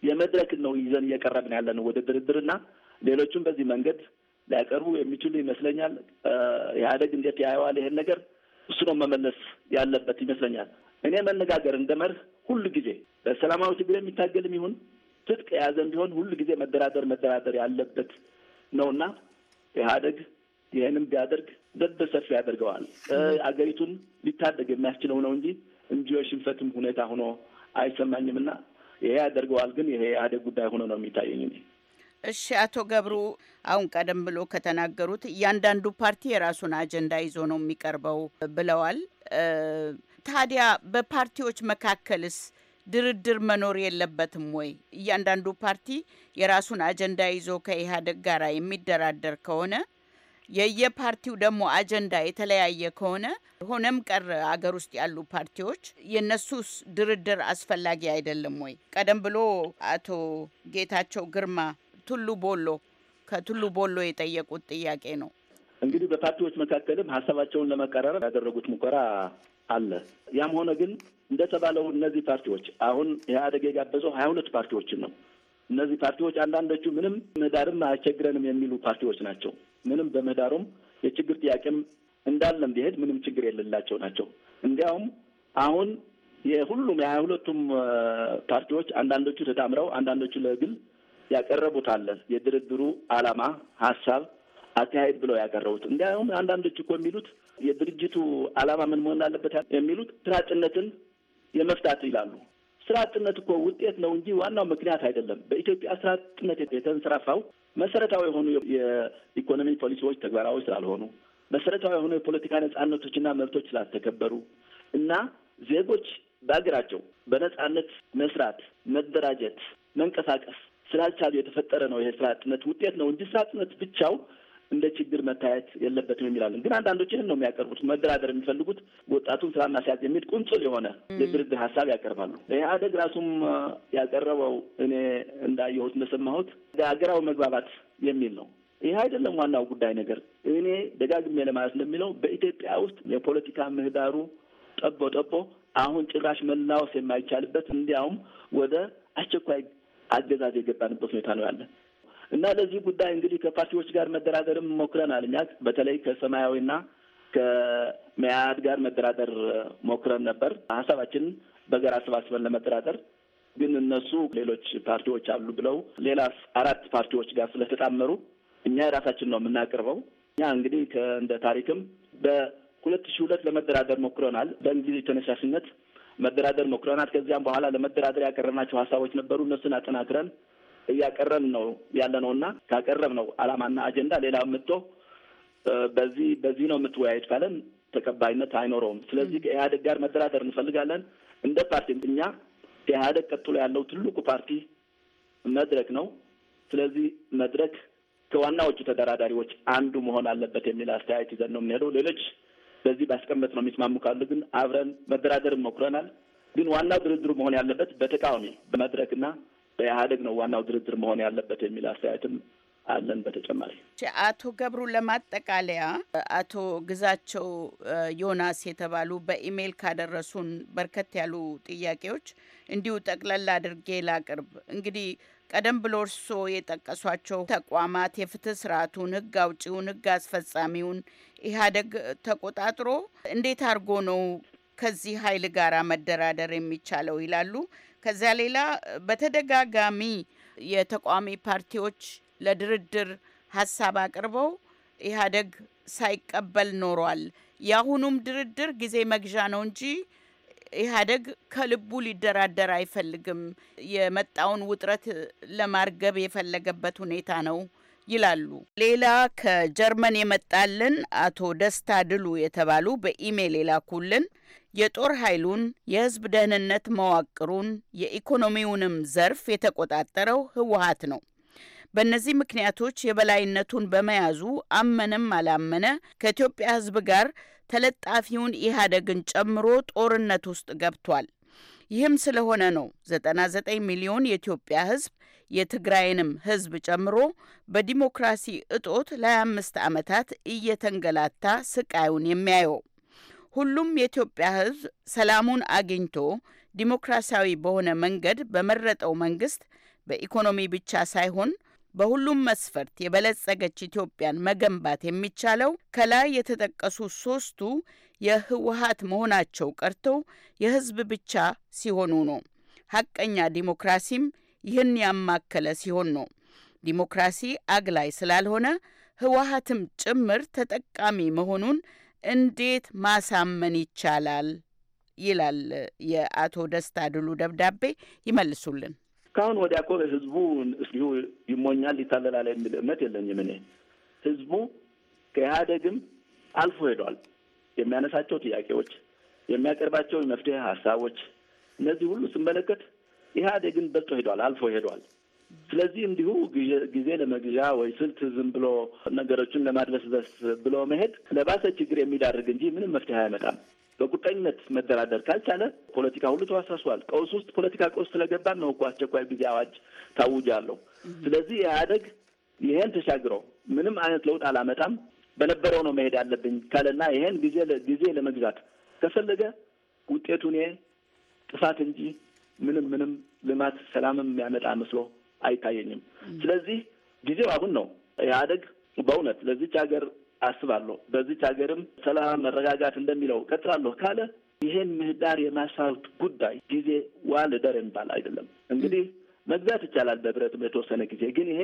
የመድረክ ነው ይዘን እየቀረብን ያለነው ወደ ድርድርና ሌሎቹም በዚህ መንገድ ሊያቀርቡ የሚችሉ ይመስለኛል። ኢህአደግ እንዴት ያየዋል ይሄን ነገር እሱ ነው መመለስ ያለበት ይመስለኛል። እኔ መነጋገር እንደ መርህ ሁሉ ጊዜ በሰላማዊ ትግል የሚታገልም ይሁን ትጥቅ የያዘም ቢሆን ሁሉ ጊዜ መደራደር መደራደር ያለበት ነውና ኢህአደግ ይህንም ቢያደርግ ደብ ሰፊ ያደርገዋል። አገሪቱን ሊታደግ የሚያስችለው ነው እንጂ እንዲሁ የሽንፈትም ሁኔታ ሆኖ አይሰማኝም እና ይሄ ያደርገዋል። ግን ይሄ ኢህአዴግ ጉዳይ ሆኖ ነው የሚታየኝ እሺ አቶ ገብሩ አሁን ቀደም ብሎ ከተናገሩት እያንዳንዱ ፓርቲ የራሱን አጀንዳ ይዞ ነው የሚቀርበው ብለዋል። ታዲያ በፓርቲዎች መካከልስ ድርድር መኖር የለበትም ወይ? እያንዳንዱ ፓርቲ የራሱን አጀንዳ ይዞ ከኢህአዴግ ጋር የሚደራደር ከሆነ የየፓርቲው ደግሞ አጀንዳ የተለያየ ከሆነ ሆነም ቀር አገር ውስጥ ያሉ ፓርቲዎች የነሱስ ድርድር አስፈላጊ አይደለም ወይ? ቀደም ብሎ አቶ ጌታቸው ግርማ ቱሉ ቦሎ ከቱሉ ቦሎ የጠየቁት ጥያቄ ነው። እንግዲህ በፓርቲዎች መካከልም ሀሳባቸውን ለመቀራረብ ያደረጉት ሙከራ አለ። ያም ሆነ ግን እንደተባለው እነዚህ ፓርቲዎች አሁን ኢህአዴግ የጋበዘው ሀያ ሁለት ፓርቲዎችን ነው። እነዚህ ፓርቲዎች አንዳንዶቹ ምንም ምህዳርም አያስቸግረንም የሚሉ ፓርቲዎች ናቸው። ምንም በምህዳሩም የችግር ጥያቄም እንዳለም ቢሄድ ምንም ችግር የሌላቸው ናቸው። እንዲያውም አሁን የሁሉም የሀያ ሁለቱም ፓርቲዎች አንዳንዶቹ ተዳምረው አንዳንዶቹ ለግል ያቀረቡት አለ። የድርድሩ ዓላማ፣ ሀሳብ፣ አካሄድ ብለው ያቀረቡት እንዲያውም አንዳንዶቹ እኮ የሚሉት የድርጅቱ ዓላማ ምን መሆን አለበት የሚሉት ስራጭነትን የመፍታት ይላሉ። ስራ አጥነት እኮ ውጤት ነው እንጂ ዋናው ምክንያት አይደለም። በኢትዮጵያ ስራ አጥነት የተንሰራፋው መሰረታዊ የሆኑ የኢኮኖሚ ፖሊሲዎች ተግባራዊ ስላልሆኑ፣ መሰረታዊ የሆኑ የፖለቲካ ነጻነቶችና መብቶች ስላልተከበሩ እና ዜጎች በሀገራቸው በነጻነት መስራት፣ መደራጀት፣ መንቀሳቀስ ስላልቻሉ የተፈጠረ ነው። ይሄ ስራ አጥነት ውጤት ነው እንጂ ስራ አጥነት ብቻው እንደ ችግር መታየት የለበትም የሚላለን። ግን አንዳንዶች ይህን ነው የሚያቀርቡት። መደራደር የሚፈልጉት ወጣቱን ስራ እናስያዝ የሚል ቁንጽል የሆነ የድርድር ሀሳብ ያቀርባሉ። ኢህአዴግ ራሱም ያቀረበው እኔ እንዳየሁት እንደሰማሁት ሀገራዊ መግባባት የሚል ነው። ይህ አይደለም ዋናው ጉዳይ ነገር እኔ ደጋግሜ ለማለት እንደሚለው በኢትዮጵያ ውስጥ የፖለቲካ ምህዳሩ ጠቦ ጠቦ አሁን ጭራሽ መላወስ የማይቻልበት እንዲያውም ወደ አስቸኳይ አገዛዝ የገባንበት ሁኔታ ነው ያለን። እና ለዚህ ጉዳይ እንግዲህ ከፓርቲዎች ጋር መደራደርም ሞክረናል። እኛ በተለይ ከሰማያዊና ከመያድ ጋር መደራደር ሞክረን ነበር። ሀሳባችን በጋራ አሰባስበን ለመደራደር ግን እነሱ ሌሎች ፓርቲዎች አሉ ብለው ሌላ አራት ፓርቲዎች ጋር ስለተጣመሩ እኛ የራሳችን ነው የምናቀርበው። እኛ እንግዲህ እንደ ታሪክም በሁለት ሺህ ሁለት ለመደራደር ሞክረናል። በእንግሊዝ ተነሳሽነት መደራደር ሞክረናል። ከዚያም በኋላ ለመደራደር ያቀረብናቸው ሀሳቦች ነበሩ። እነሱን አጠናክረን እያቀረብ ነው ያለ ነው እና ካቀረብ ነው አላማና አጀንዳ ሌላ ምቶ በዚህ በዚህ ነው የምትወያዩት ካለን ተቀባይነት አይኖረውም። ስለዚህ ከኢህአዴግ ጋር መደራደር እንፈልጋለን። እንደ ፓርቲ እኛ ከኢህአዴግ ቀጥሎ ያለው ትልቁ ፓርቲ መድረክ ነው። ስለዚህ መድረክ ከዋናዎቹ ተደራዳሪዎች አንዱ መሆን አለበት የሚል አስተያየት ይዘን ነው የምንሄደው። ሌሎች በዚህ ባስቀመጥ ነው የሚስማሙ ካሉ ግን አብረን መደራደር ሞክረናል። ግን ዋናው ድርድሩ መሆን ያለበት በተቃዋሚ በመድረክና በኢህአዴግ ነው ዋናው ድርድር መሆን ያለበት የሚል አስተያየትም አለን። በተጨማሪ አቶ ገብሩ ለማጠቃለያ አቶ ግዛቸው ዮናስ የተባሉ በኢሜይል ካደረሱን በርከት ያሉ ጥያቄዎች እንዲሁ ጠቅለላ አድርጌ ላቅርብ። እንግዲህ ቀደም ብሎ እርስዎ የጠቀሷቸው ተቋማት የፍትህ ስርዓቱን፣ ህግ አውጪውን፣ ህግ አስፈጻሚውን ኢህአዴግ ተቆጣጥሮ እንዴት አድርጎ ነው ከዚህ ኃይል ጋር መደራደር የሚቻለው ይላሉ። ከዚያ ሌላ በተደጋጋሚ የተቃዋሚ ፓርቲዎች ለድርድር ሀሳብ አቅርበው ኢህአዴግ ሳይቀበል ኖሯል። የአሁኑም ድርድር ጊዜ መግዣ ነው እንጂ ኢህአዴግ ከልቡ ሊደራደር አይፈልግም። የመጣውን ውጥረት ለማርገብ የፈለገበት ሁኔታ ነው ይላሉ። ሌላ ከጀርመን የመጣልን አቶ ደስታ ድሉ የተባሉ በኢሜይል የላኩልን የጦር ኃይሉን፣ የህዝብ ደህንነት መዋቅሩን፣ የኢኮኖሚውንም ዘርፍ የተቆጣጠረው ህወሀት ነው። በእነዚህ ምክንያቶች የበላይነቱን በመያዙ አመነም አላመነ ከኢትዮጵያ ህዝብ ጋር ተለጣፊውን ኢህአዴግን ጨምሮ ጦርነት ውስጥ ገብቷል። ይህም ስለሆነ ነው 99 ሚሊዮን የኢትዮጵያ ህዝብ የትግራይንም ህዝብ ጨምሮ በዲሞክራሲ እጦት ለ25 ዓመታት እየተንገላታ ስቃዩን የሚያየው። ሁሉም የኢትዮጵያ ሕዝብ ሰላሙን አግኝቶ ዲሞክራሲያዊ በሆነ መንገድ በመረጠው መንግስት በኢኮኖሚ ብቻ ሳይሆን በሁሉም መስፈርት የበለጸገች ኢትዮጵያን መገንባት የሚቻለው ከላይ የተጠቀሱ ሶስቱ የህወሀት መሆናቸው ቀርቶ የህዝብ ብቻ ሲሆኑ ነው። ሀቀኛ ዲሞክራሲም ይህን ያማከለ ሲሆን ነው። ዲሞክራሲ አግላይ ስላልሆነ ህወሀትም ጭምር ተጠቃሚ መሆኑን እንዴት ማሳመን ይቻላል? ይላል የአቶ ደስታ ድሉ ደብዳቤ። ይመልሱልን። ከአሁን ወዲያ እኮ ህዝቡ እንዲሁ ይሞኛል ይታለላል የሚል እምነት የለኝም እኔ። ህዝቡ ከኢህአዴግም አልፎ ሄዷል። የሚያነሳቸው ጥያቄዎች፣ የሚያቀርባቸው የመፍትሄ ሀሳቦች እነዚህ ሁሉ ስመለከት ኢህአዴግን በልጦ ሄዷል፣ አልፎ ሄዷል። ስለዚህ እንዲሁ ጊዜ ለመግዣ ወይ ስልት ዝም ብሎ ነገሮችን ለማድበስበስ ብሎ መሄድ ለባሰ ችግር የሚዳርግ እንጂ ምንም መፍትሄ አያመጣም። በቁርጠኝነት መደራደር ካልቻለ ፖለቲካ ሁሉ ተዋሳሷል ቀውስ ውስጥ ፖለቲካ ቀውስ ስለገባን ነው እኮ አስቸኳይ ጊዜ አዋጅ ታውጃለሁ። ስለዚህ ኢህአደግ ይሄን ተሻግሮ ምንም አይነት ለውጥ አላመጣም በነበረው ነው መሄድ አለብኝ ካለና ይሄን ጊዜ ጊዜ ለመግዛት ከፈለገ ውጤቱ እኔ ጥፋት እንጂ ምንም ምንም ልማት ሰላምም የሚያመጣ መስሎ አይታየኝም። ስለዚህ ጊዜው አሁን ነው። ኢህአደግ በእውነት ለዚች ሀገር አስባለሁ በዚች ሀገርም ሰላም መረጋጋት እንደሚለው ቀጥላለሁ ካለ ይሄን ምህዳር የማሳት ጉዳይ ጊዜ ዋል ደር የሚባል አይደለም። እንግዲህ መግዛት ይቻላል በብረት በተወሰነ ጊዜ ግን ይሄ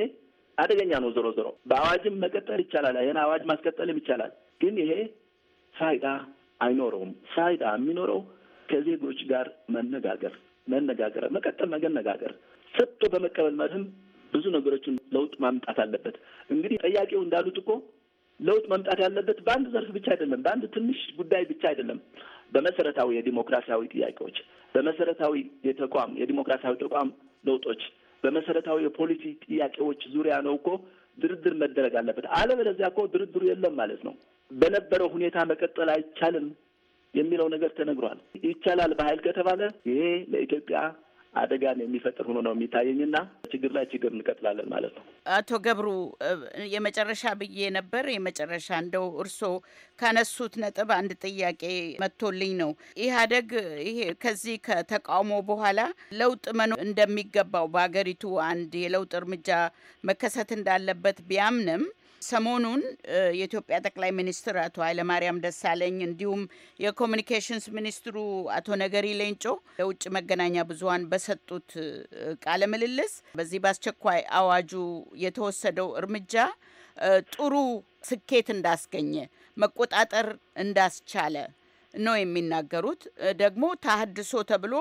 አደገኛ ነው። ዞሮ ዞሮ በአዋጅም መቀጠል ይቻላል። ይህን አዋጅ ማስቀጠልም ይቻላል። ግን ይሄ ፋይዳ አይኖረውም። ፋይዳ የሚኖረው ከዜጎች ጋር መነጋገር መነጋገር መቀጠል መገነጋገር ሰጥቶ በመቀበል መርህም ብዙ ነገሮችን ለውጥ ማምጣት አለበት። እንግዲህ ጠያቄው እንዳሉት እኮ ለውጥ መምጣት ያለበት በአንድ ዘርፍ ብቻ አይደለም፣ በአንድ ትንሽ ጉዳይ ብቻ አይደለም። በመሰረታዊ የዲሞክራሲያዊ ጥያቄዎች፣ በመሰረታዊ የተቋም የዲሞክራሲያዊ ተቋም ለውጦች፣ በመሰረታዊ የፖሊሲ ጥያቄዎች ዙሪያ ነው እኮ ድርድር መደረግ አለበት። አለበለዚያ እኮ ድርድሩ የለም ማለት ነው። በነበረው ሁኔታ መቀጠል አይቻልም የሚለው ነገር ተነግሯል። ይቻላል በኃይል ከተባለ ይሄ ለኢትዮጵያ አደጋን የሚፈጥር ሆኖ ነው የሚታየኝ ችግር ላይ ችግር እንቀጥላለን ማለት ነው። አቶ ገብሩ የመጨረሻ ብዬ ነበር የመጨረሻ እንደው እርስዎ ካነሱት ነጥብ አንድ ጥያቄ መጥቶልኝ ነው ኢህአደግ ይሄ ከዚህ ከተቃውሞ በኋላ ለውጥ መኖ እንደሚገባው በሀገሪቱ አንድ የለውጥ እርምጃ መከሰት እንዳለበት ቢያምንም ሰሞኑን የኢትዮጵያ ጠቅላይ ሚኒስትር አቶ ኃይለማርያም ደሳለኝ እንዲሁም የኮሚኒኬሽንስ ሚኒስትሩ አቶ ነገሪ ሌንጮ ለውጭ መገናኛ ብዙኃን በሰጡት ቃለ ምልልስ በዚህ በአስቸኳይ አዋጁ የተወሰደው እርምጃ ጥሩ ስኬት እንዳስገኘ መቆጣጠር እንዳስቻለ ነው የሚናገሩት። ደግሞ ታህድሶ ተብሎ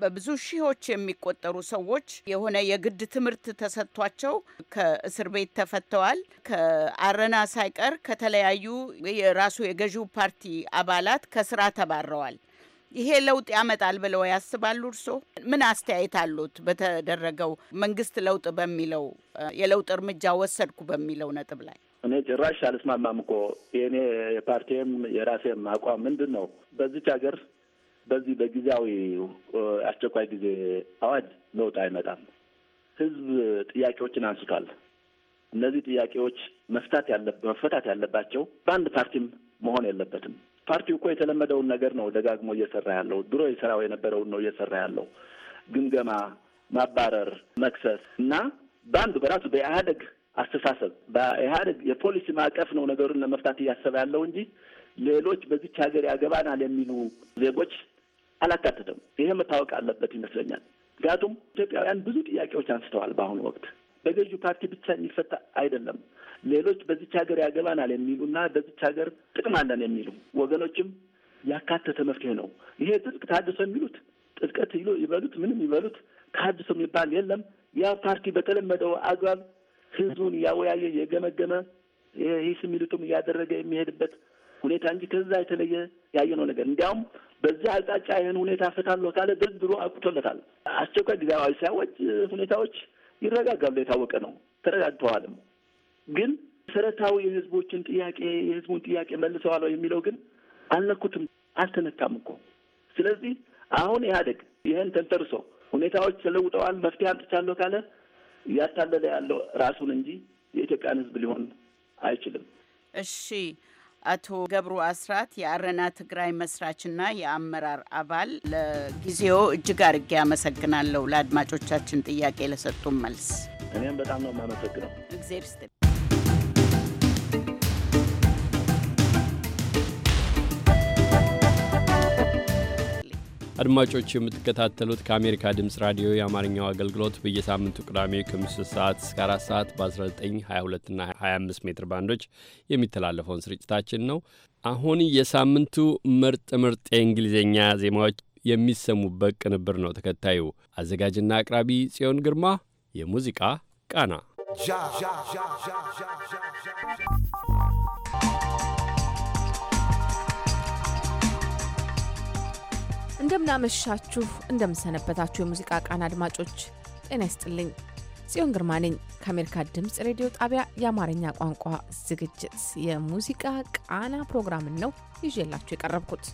በብዙ ሺዎች የሚቆጠሩ ሰዎች የሆነ የግድ ትምህርት ተሰጥቷቸው ከእስር ቤት ተፈተዋል። ከአረና ሳይቀር ከተለያዩ የራሱ የገዢው ፓርቲ አባላት ከስራ ተባረዋል። ይሄ ለውጥ ያመጣል ብለው ያስባሉ? እርስዎ ምን አስተያየት አሉት? በተደረገው መንግስት ለውጥ በሚለው የለውጥ እርምጃ ወሰድኩ በሚለው ነጥብ ላይ እኔ ጭራሽ አልስማማም እኮ የእኔ የፓርቲም የራሴም አቋም ምንድን ነው በዚች ሀገር በዚህ በጊዜያዊ አስቸኳይ ጊዜ አዋጅ ለውጥ አይመጣም። ህዝብ ጥያቄዎችን አንስቷል። እነዚህ ጥያቄዎች መፍታት መፈታት ያለባቸው በአንድ ፓርቲም መሆን የለበትም። ፓርቲው እኮ የተለመደውን ነገር ነው ደጋግሞ እየሰራ ያለው። ድሮ የሰራው የነበረውን ነው እየሰራ ያለው። ግምገማ፣ ማባረር፣ መክሰስ እና በአንዱ በራሱ በኢህአደግ አስተሳሰብ በኢህአደግ የፖሊሲ ማዕቀፍ ነው ነገሩን ለመፍታት እያሰበ ያለው እንጂ ሌሎች በዚች ሀገር ያገባናል የሚሉ ዜጎች አላካተተም። ይህ መታወቅ አለበት ይመስለኛል። ምክንያቱም ኢትዮጵያውያን ብዙ ጥያቄዎች አንስተዋል። በአሁኑ ወቅት በገዢ ፓርቲ ብቻ የሚፈታ አይደለም። ሌሎች በዚች ሀገር ያገባናል የሚሉና በዚች ሀገር ጥቅም አለን የሚሉ ወገኖችም ያካተተ መፍትሄ ነው። ይሄ ትጥቅ ታድሶ የሚሉት ጥጥቀት ይበሉት ምንም ይበሉት ታድሶ የሚባል የለም። ያ ፓርቲ በተለመደው አግባብ ህዝቡን እያወያየ የገመገመ ይህ የሚሉትም እያደረገ የሚሄድበት ሁኔታ እንጂ ከዛ የተለየ ያየነው ነገር እንዲያውም በዚህ አቅጣጫ ይህን ሁኔታ ፈታለሁ ካለ ድርድሩ አቁቶለታል። አስቸኳይ ጊዜ አዋጅ ሲያወጅ ሁኔታዎች ይረጋጋሉ፣ የታወቀ ነው። ተረጋግተዋልም። ግን መሰረታዊ የህዝቦችን ጥያቄ የህዝቡን ጥያቄ መልሰዋል የሚለው ግን አልነኩትም፣ አልተነካም እኮ። ስለዚህ አሁን ኢህአዴግ ይህን ተንተርሶ ሁኔታዎች ተለውጠዋል፣ መፍትሄ አምጥቻለሁ ካለ እያታለለ ያለው ራሱን እንጂ የኢትዮጵያን ህዝብ ሊሆን አይችልም። እሺ አቶ ገብሩ አስራት የአረና ትግራይ መስራችና የአመራር አባል፣ ለጊዜው እጅግ አርጌ አመሰግናለሁ። ለአድማጮቻችን ጥያቄ ለሰጡን መልስ እኔም በጣም ነው የማመሰግነው። እግዜር ይስጥልኝ። አድማጮች የምትከታተሉት ከአሜሪካ ድምፅ ራዲዮ የአማርኛው አገልግሎት በየሳምንቱ ቅዳሜ ከምሽቱ ሰዓት እስከ 4 ሰዓት በ1922 እና 25 ሜትር ባንዶች የሚተላለፈውን ስርጭታችን ነው። አሁን የሳምንቱ ምርጥ ምርጥ የእንግሊዝኛ ዜማዎች የሚሰሙበት ቅንብር ነው ተከታዩ። አዘጋጅና አቅራቢ ጽዮን ግርማ። የሙዚቃ ቃና እንደምናመሻችሁ እንደምንሰነበታችሁ የሙዚቃ ቃና አድማጮች ጤና ይስጥልኝ። ጽዮን ግርማ ነኝ ከአሜሪካ ድምፅ ሬዲዮ ጣቢያ የአማርኛ ቋንቋ ዝግጅት የሙዚቃ ቃና ፕሮግራምን ነው ይዤላችሁ የቀረብኩት።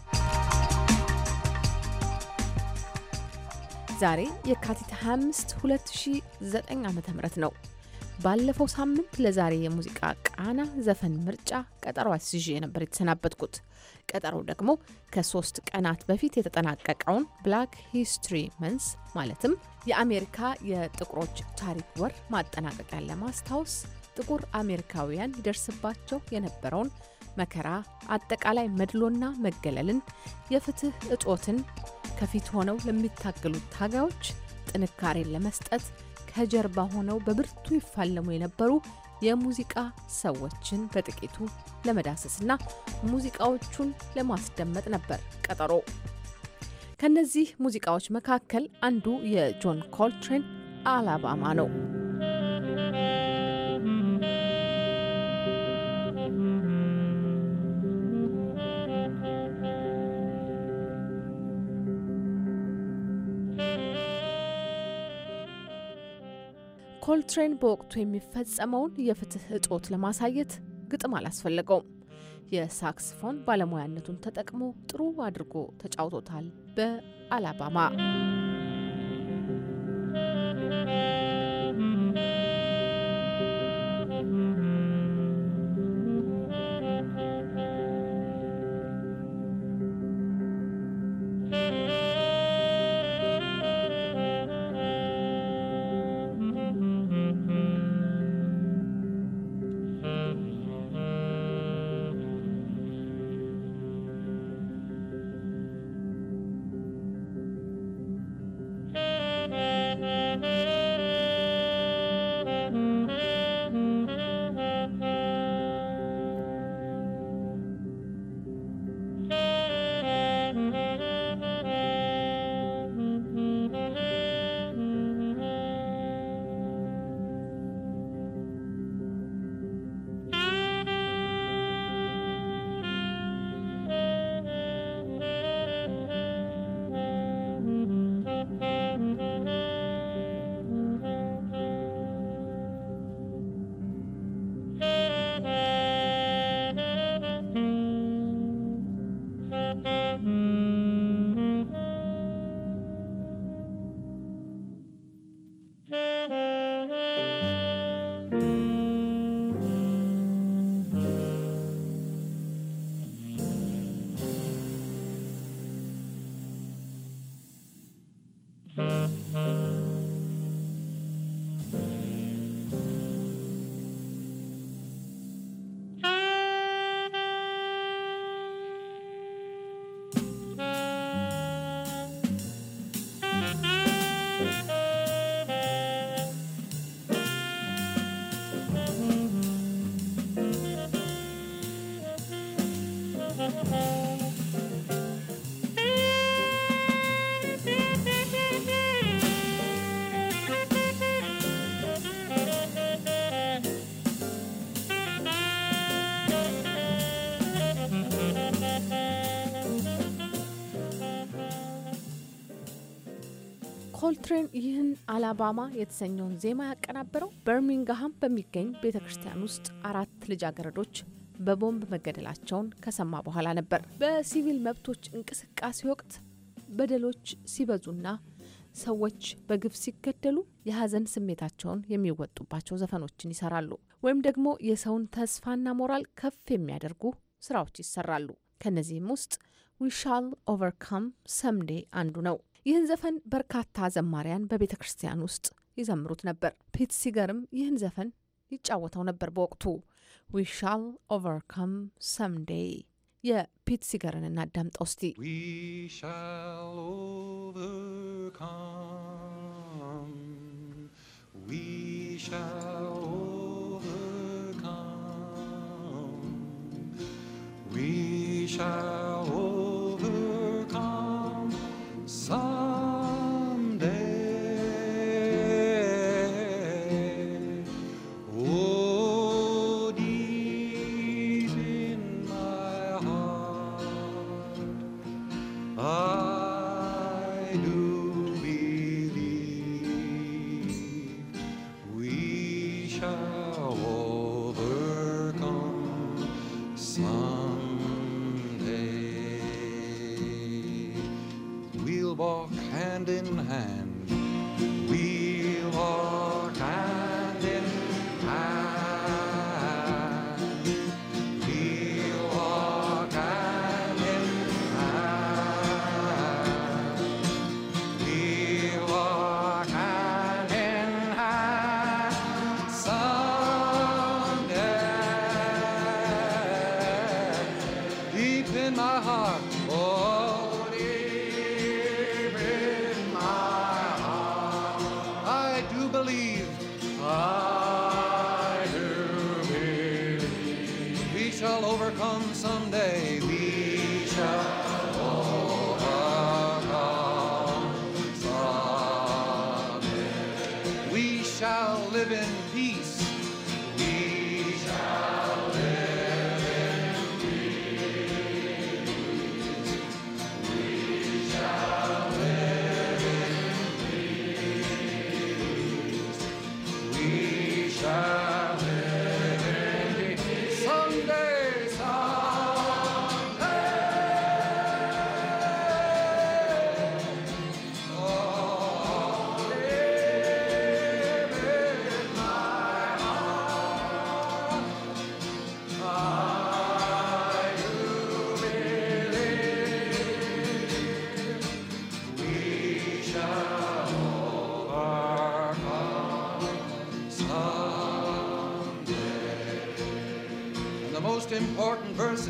ዛሬ የካቲት 25 2009 ም ነው። ባለፈው ሳምንት ለዛሬ የሙዚቃ ቃና ዘፈን ምርጫ ቀጠሮ አስይዤ ነበር የተሰናበትኩት። ቀጠሮ ደግሞ ከሶስት ቀናት በፊት የተጠናቀቀውን ብላክ ሂስትሪ መንስ ማለትም የአሜሪካ የጥቁሮች ታሪክ ወር ማጠናቀቂያን ለማስታወስ ጥቁር አሜሪካውያን ይደርስባቸው የነበረውን መከራ፣ አጠቃላይ መድሎና መገለልን፣ የፍትህ እጦትን ከፊት ሆነው ለሚታገሉት ታጋዮች ጥንካሬን ለመስጠት ከጀርባ ሆነው በብርቱ ይፋለሙ የነበሩ የሙዚቃ ሰዎችን በጥቂቱ ለመዳሰስና ሙዚቃዎቹን ለማስደመጥ ነበር ቀጠሮ። ከነዚህ ሙዚቃዎች መካከል አንዱ የጆን ኮልትሬን አላባማ ነው። ኮልትሬን በወቅቱ የሚፈጸመውን የፍትህ እጦት ለማሳየት ግጥም አላስፈለገውም። የሳክስፎን ባለሙያነቱን ተጠቅሞ ጥሩ አድርጎ ተጫውቶታል በአላባማ ኮልትሬን ይህን አላባማ የተሰኘውን ዜማ ያቀናበረው በርሚንግሃም በሚገኝ ቤተ ክርስቲያን ውስጥ አራት ልጃገረዶች በቦምብ መገደላቸውን ከሰማ በኋላ ነበር። በሲቪል መብቶች እንቅስቃሴ ወቅት በደሎች ሲበዙና ሰዎች በግፍ ሲገደሉ የሀዘን ስሜታቸውን የሚወጡባቸው ዘፈኖችን ይሰራሉ ወይም ደግሞ የሰውን ተስፋና ሞራል ከፍ የሚያደርጉ ስራዎች ይሰራሉ። ከነዚህም ውስጥ ዊ ሻል ኦቨርካም ሰምዴ አንዱ ነው። ይህን ዘፈን በርካታ ዘማሪያን በቤተ ክርስቲያን ውስጥ ይዘምሩት ነበር። ፒት ሲገርም ይህን ዘፈን ይጫወተው ነበር በወቅቱ ዊ ሻል ኦቨርካም ሰምዴይ የፒት ሲገርን እናዳምጣ ውስቲ We shall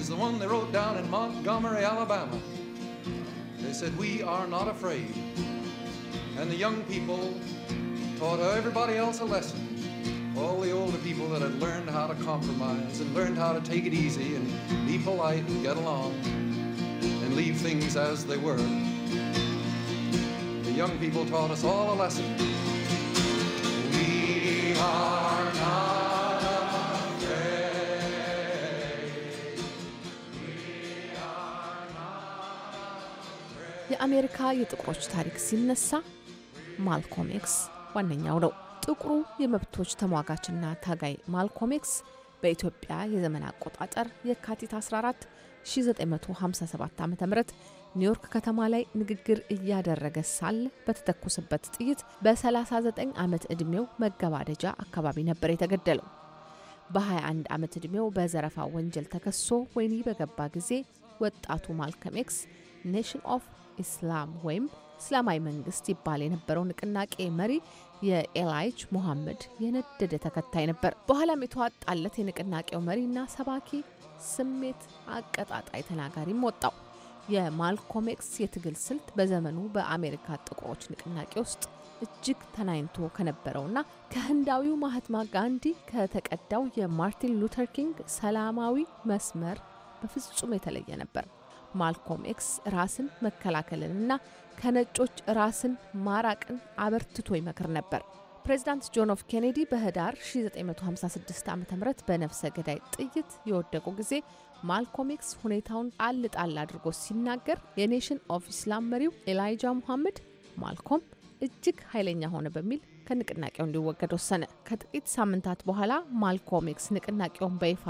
is the one they wrote down in Montgomery, Alabama. They said, We are not afraid. And the young people taught everybody else a lesson. All the older people that had learned how to compromise and learned how to take it easy and be polite and get along and leave things as they were. The young people taught us all a lesson. We are. የአሜሪካ የጥቁሮች ታሪክ ሲነሳ ማልኮም ኤክስ ዋነኛው ነው። ጥቁሩ የመብቶች ተሟጋችና ታጋይ ማልኮም ኤክስ በኢትዮጵያ የዘመን አቆጣጠር የካቲት 14 1957 ዓ ም ኒውዮርክ ከተማ ላይ ንግግር እያደረገ ሳለ በተተኮሰበት ጥይት በ39 ዓመት ዕድሜው መገባደጃ አካባቢ ነበር የተገደለው። በ21 ዓመት ዕድሜው በዘረፋ ወንጀል ተከሶ ወህኒ በገባ ጊዜ ወጣቱ ማልኮም ኤክስ ኔሽን ኦፍ ኢስላም ወይም እስላማዊ መንግስት ይባል የነበረው ንቅናቄ መሪ የኤላይጅ ሞሐመድ የነደደ ተከታይ ነበር። በኋላም የተዋጣለት የንቅናቄው መሪና ሰባኪ ስሜት አቀጣጣይ ተናጋሪም ወጣው። የማልኮሜክስ የትግል ስልት በዘመኑ በአሜሪካ ጥቁሮች ንቅናቄ ውስጥ እጅግ ተናኝቶ ከነበረውና ከህንዳዊው ማህትማ ጋንዲ ከተቀዳው የማርቲን ሉተር ኪንግ ሰላማዊ መስመር በፍጹም የተለየ ነበር። ማልኮም ኤክስ ራስን መከላከልንና ከነጮች ራስን ማራቅን አበርትቶ ይመክር ነበር። ፕሬዚዳንት ጆን ኤፍ ኬኔዲ በህዳር 1956 ዓ ም በነፍሰ ገዳይ ጥይት የወደቁ ጊዜ ማልኮም ኤክስ ሁኔታውን አልጣል አድርጎ ሲናገር የኔሽን ኦፍ ኢስላም መሪው ኤላይጃ ሙሐመድ ማልኮም እጅግ ኃይለኛ ሆነ በሚል ከንቅናቄው እንዲወገድ ወሰነ። ከጥቂት ሳምንታት በኋላ ማልኮሚክስ ንቅናቄውን በይፋ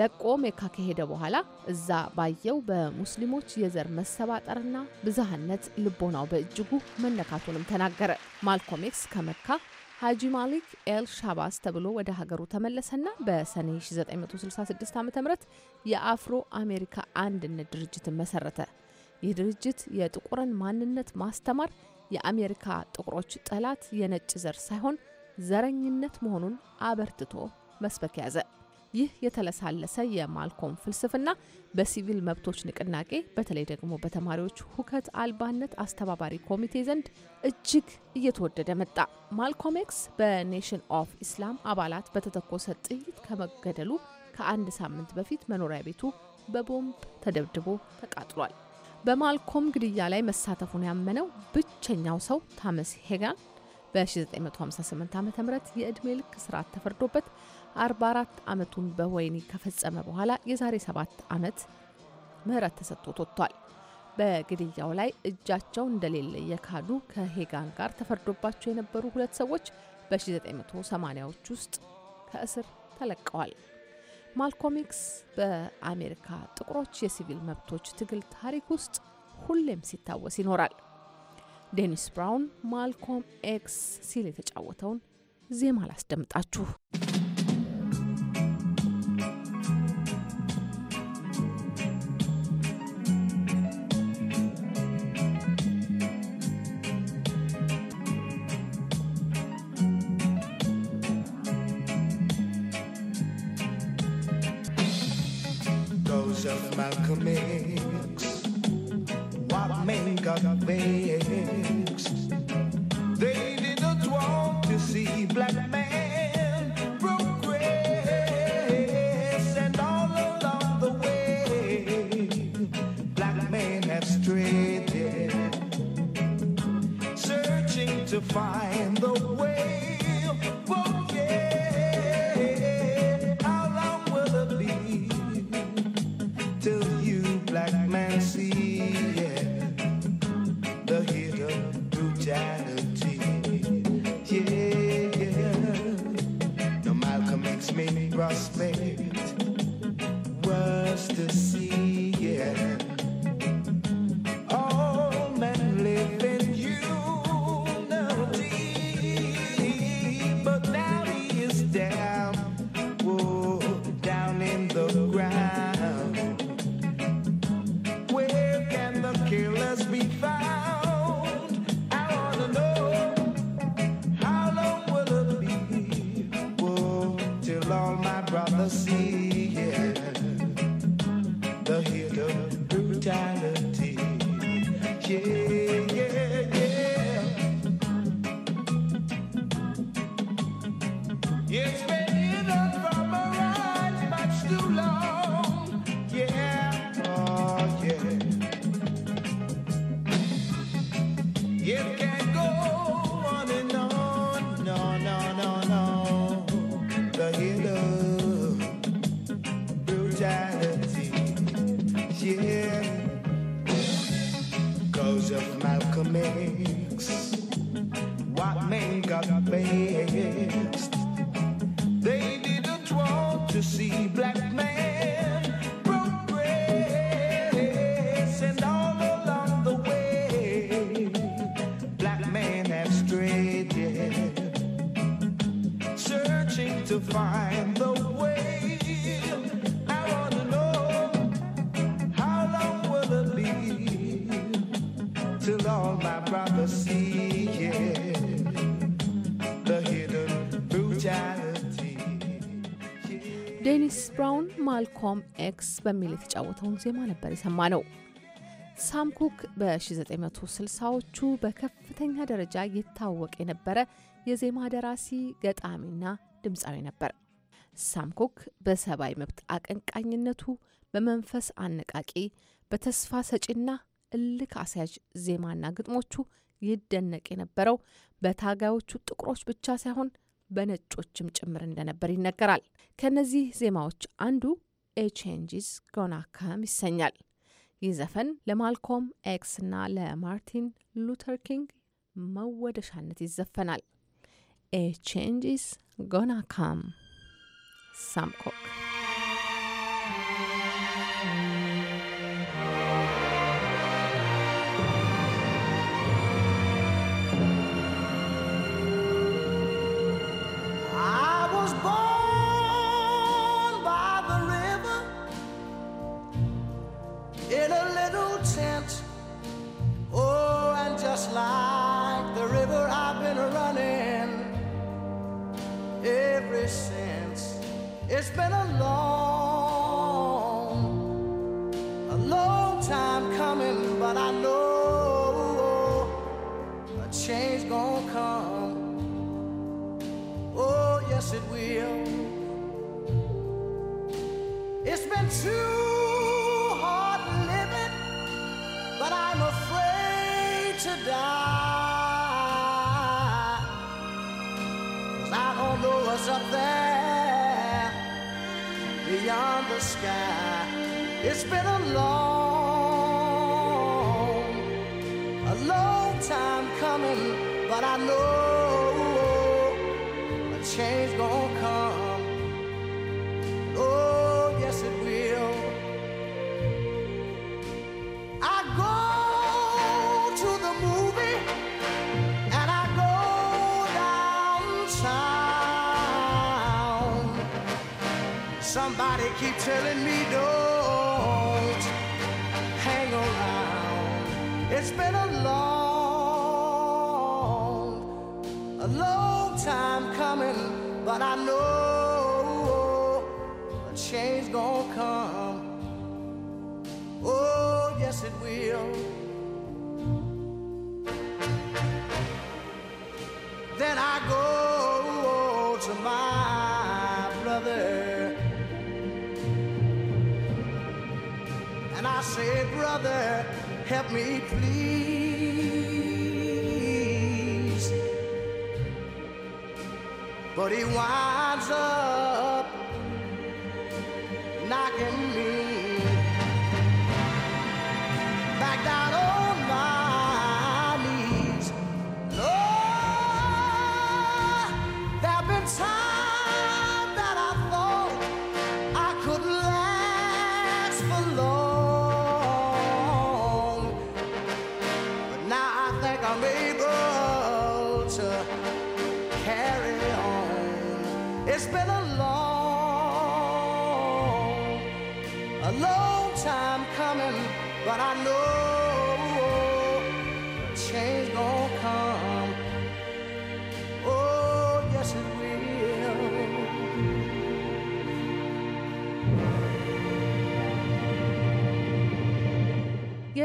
ለቆ ሜካ ከሄደ በኋላ እዛ ባየው በሙስሊሞች የዘር መሰባጠርና ብዝሃነት ልቦናው በእጅጉ መነካቱንም ተናገረ። ማልኮሚክስ ኤክስ ከመካ ሀጂ ማሊክ ኤል ሻባስ ተብሎ ወደ ሀገሩ ተመለሰና በሰኔ 1966 ዓ ም የአፍሮ አሜሪካ አንድነት ድርጅትን መሰረተ። ይህ ድርጅት የጥቁርን ማንነት ማስተማር የአሜሪካ ጥቁሮች ጠላት የነጭ ዘር ሳይሆን ዘረኝነት መሆኑን አበርትቶ መስበክ ያዘ። ይህ የተለሳለሰ የማልኮም ፍልስፍና በሲቪል መብቶች ንቅናቄ በተለይ ደግሞ በተማሪዎች ሁከት አልባነት አስተባባሪ ኮሚቴ ዘንድ እጅግ እየተወደደ መጣ። ማልኮም ኤክስ በኔሽን ኦፍ ኢስላም አባላት በተተኮሰ ጥይት ከመገደሉ ከአንድ ሳምንት በፊት መኖሪያ ቤቱ በቦምብ ተደብድቦ ተቃጥሏል። በማልኮም ግድያ ላይ መሳተፉን ያመነው ብቸኛው ሰው ታመስ ሄጋን በ1958 ዓ ም የዕድሜ ልክ ስርዓት ተፈርዶበት 44 ዓመቱን በወይኒ ከፈጸመ በኋላ የዛሬ 7 ዓመት ምህረት ተሰጥቶት ወጥቷል። በግድያው ላይ እጃቸው እንደሌለ የካዱ ከሄጋን ጋር ተፈርዶባቸው የነበሩ ሁለት ሰዎች በ1980ዎች ውስጥ ከእስር ተለቀዋል። ማልኮሚክስ በአሜሪካ ጥቁሮች የሲቪል መብቶች ትግል ታሪክ ውስጥ ሁሌም ሲታወስ ይኖራል። ዴኒስ ብራውን ማልኮም ኤክስ ሲል የተጫወተውን ዜማ ላስደምጣችሁ። of Malcolm X, what men got away ኮም ኤክስ በሚል የተጫወተውን ዜማ ነበር የሰማ ነው። ሳም ኩክ በ1960ዎቹ በከፍተኛ ደረጃ የታወቀ የነበረ የዜማ ደራሲ ገጣሚና ድምፃዊ ነበር። ሳም ኩክ በሰብአዊ መብት አቀንቃኝነቱ በመንፈስ አነቃቂ፣ በተስፋ ሰጪና እልክ አስያዥ ዜማና ግጥሞቹ ይደነቅ የነበረው በታጋዮቹ ጥቁሮች ብቻ ሳይሆን በነጮችም ጭምር እንደነበር ይነገራል። ከነዚህ ዜማዎች አንዱ ኤ ቼንጅስ ጎና ካም ይሰኛል። ይህ ዘፈን ለማልኮም ኤክስ እና ለማርቲን ሉተር ኪንግ መወደሻነት ይዘፈናል። ኤ ቼንጅስ ጎና ካም ሳምኮክ It's been a long, a long time coming, but I know a change gonna come. Oh, yes, it will. It's been too hard living, but I'm afraid to die. Cause I don't know what's up there beyond the sky. It's been a long, a long time coming, but I know a change going Somebody keep telling me don't hang around. It's been a long, a long time coming, but I know a change gonna come. Oh, yes it will. help me please. But he winds up.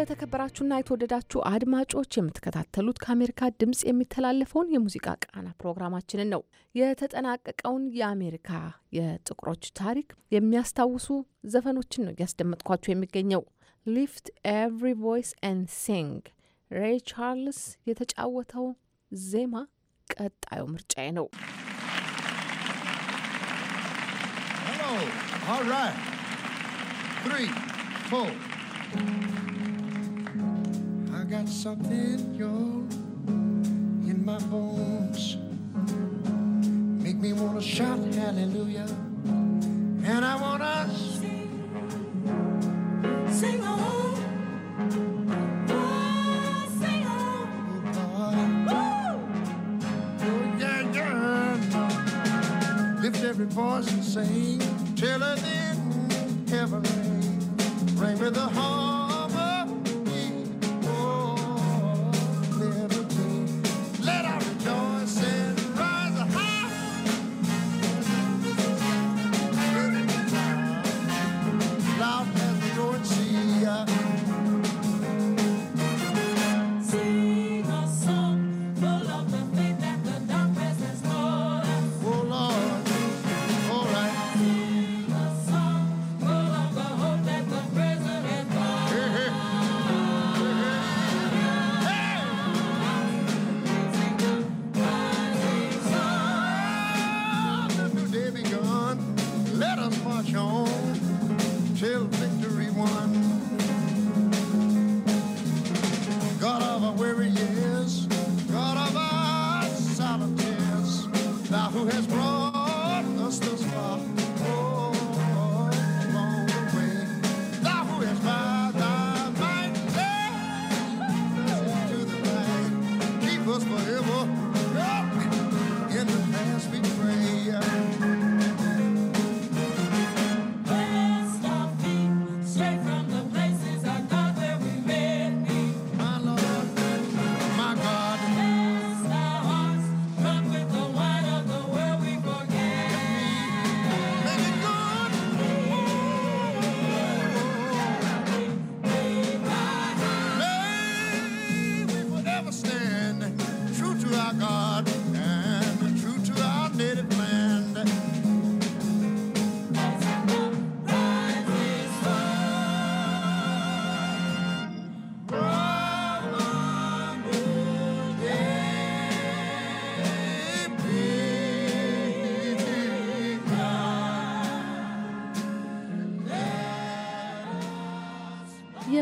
የተከበራችሁና የተወደዳችሁ አድማጮች የምትከታተሉት ከአሜሪካ ድምፅ የሚተላለፈውን የሙዚቃ ቃና ፕሮግራማችንን ነው። የተጠናቀቀውን የአሜሪካ የጥቁሮች ታሪክ የሚያስታውሱ ዘፈኖችን ነው እያስደመጥኳችሁ የሚገኘው። ሊፍት ኤቭሪ ቮይስ ኤንድ ሲንግ ሬይ ቻርልስ የተጫወተው ዜማ ቀጣዩ ምርጫዬ ነው። All right. Three, four. got something, you in my bones. Make me want to shout hallelujah.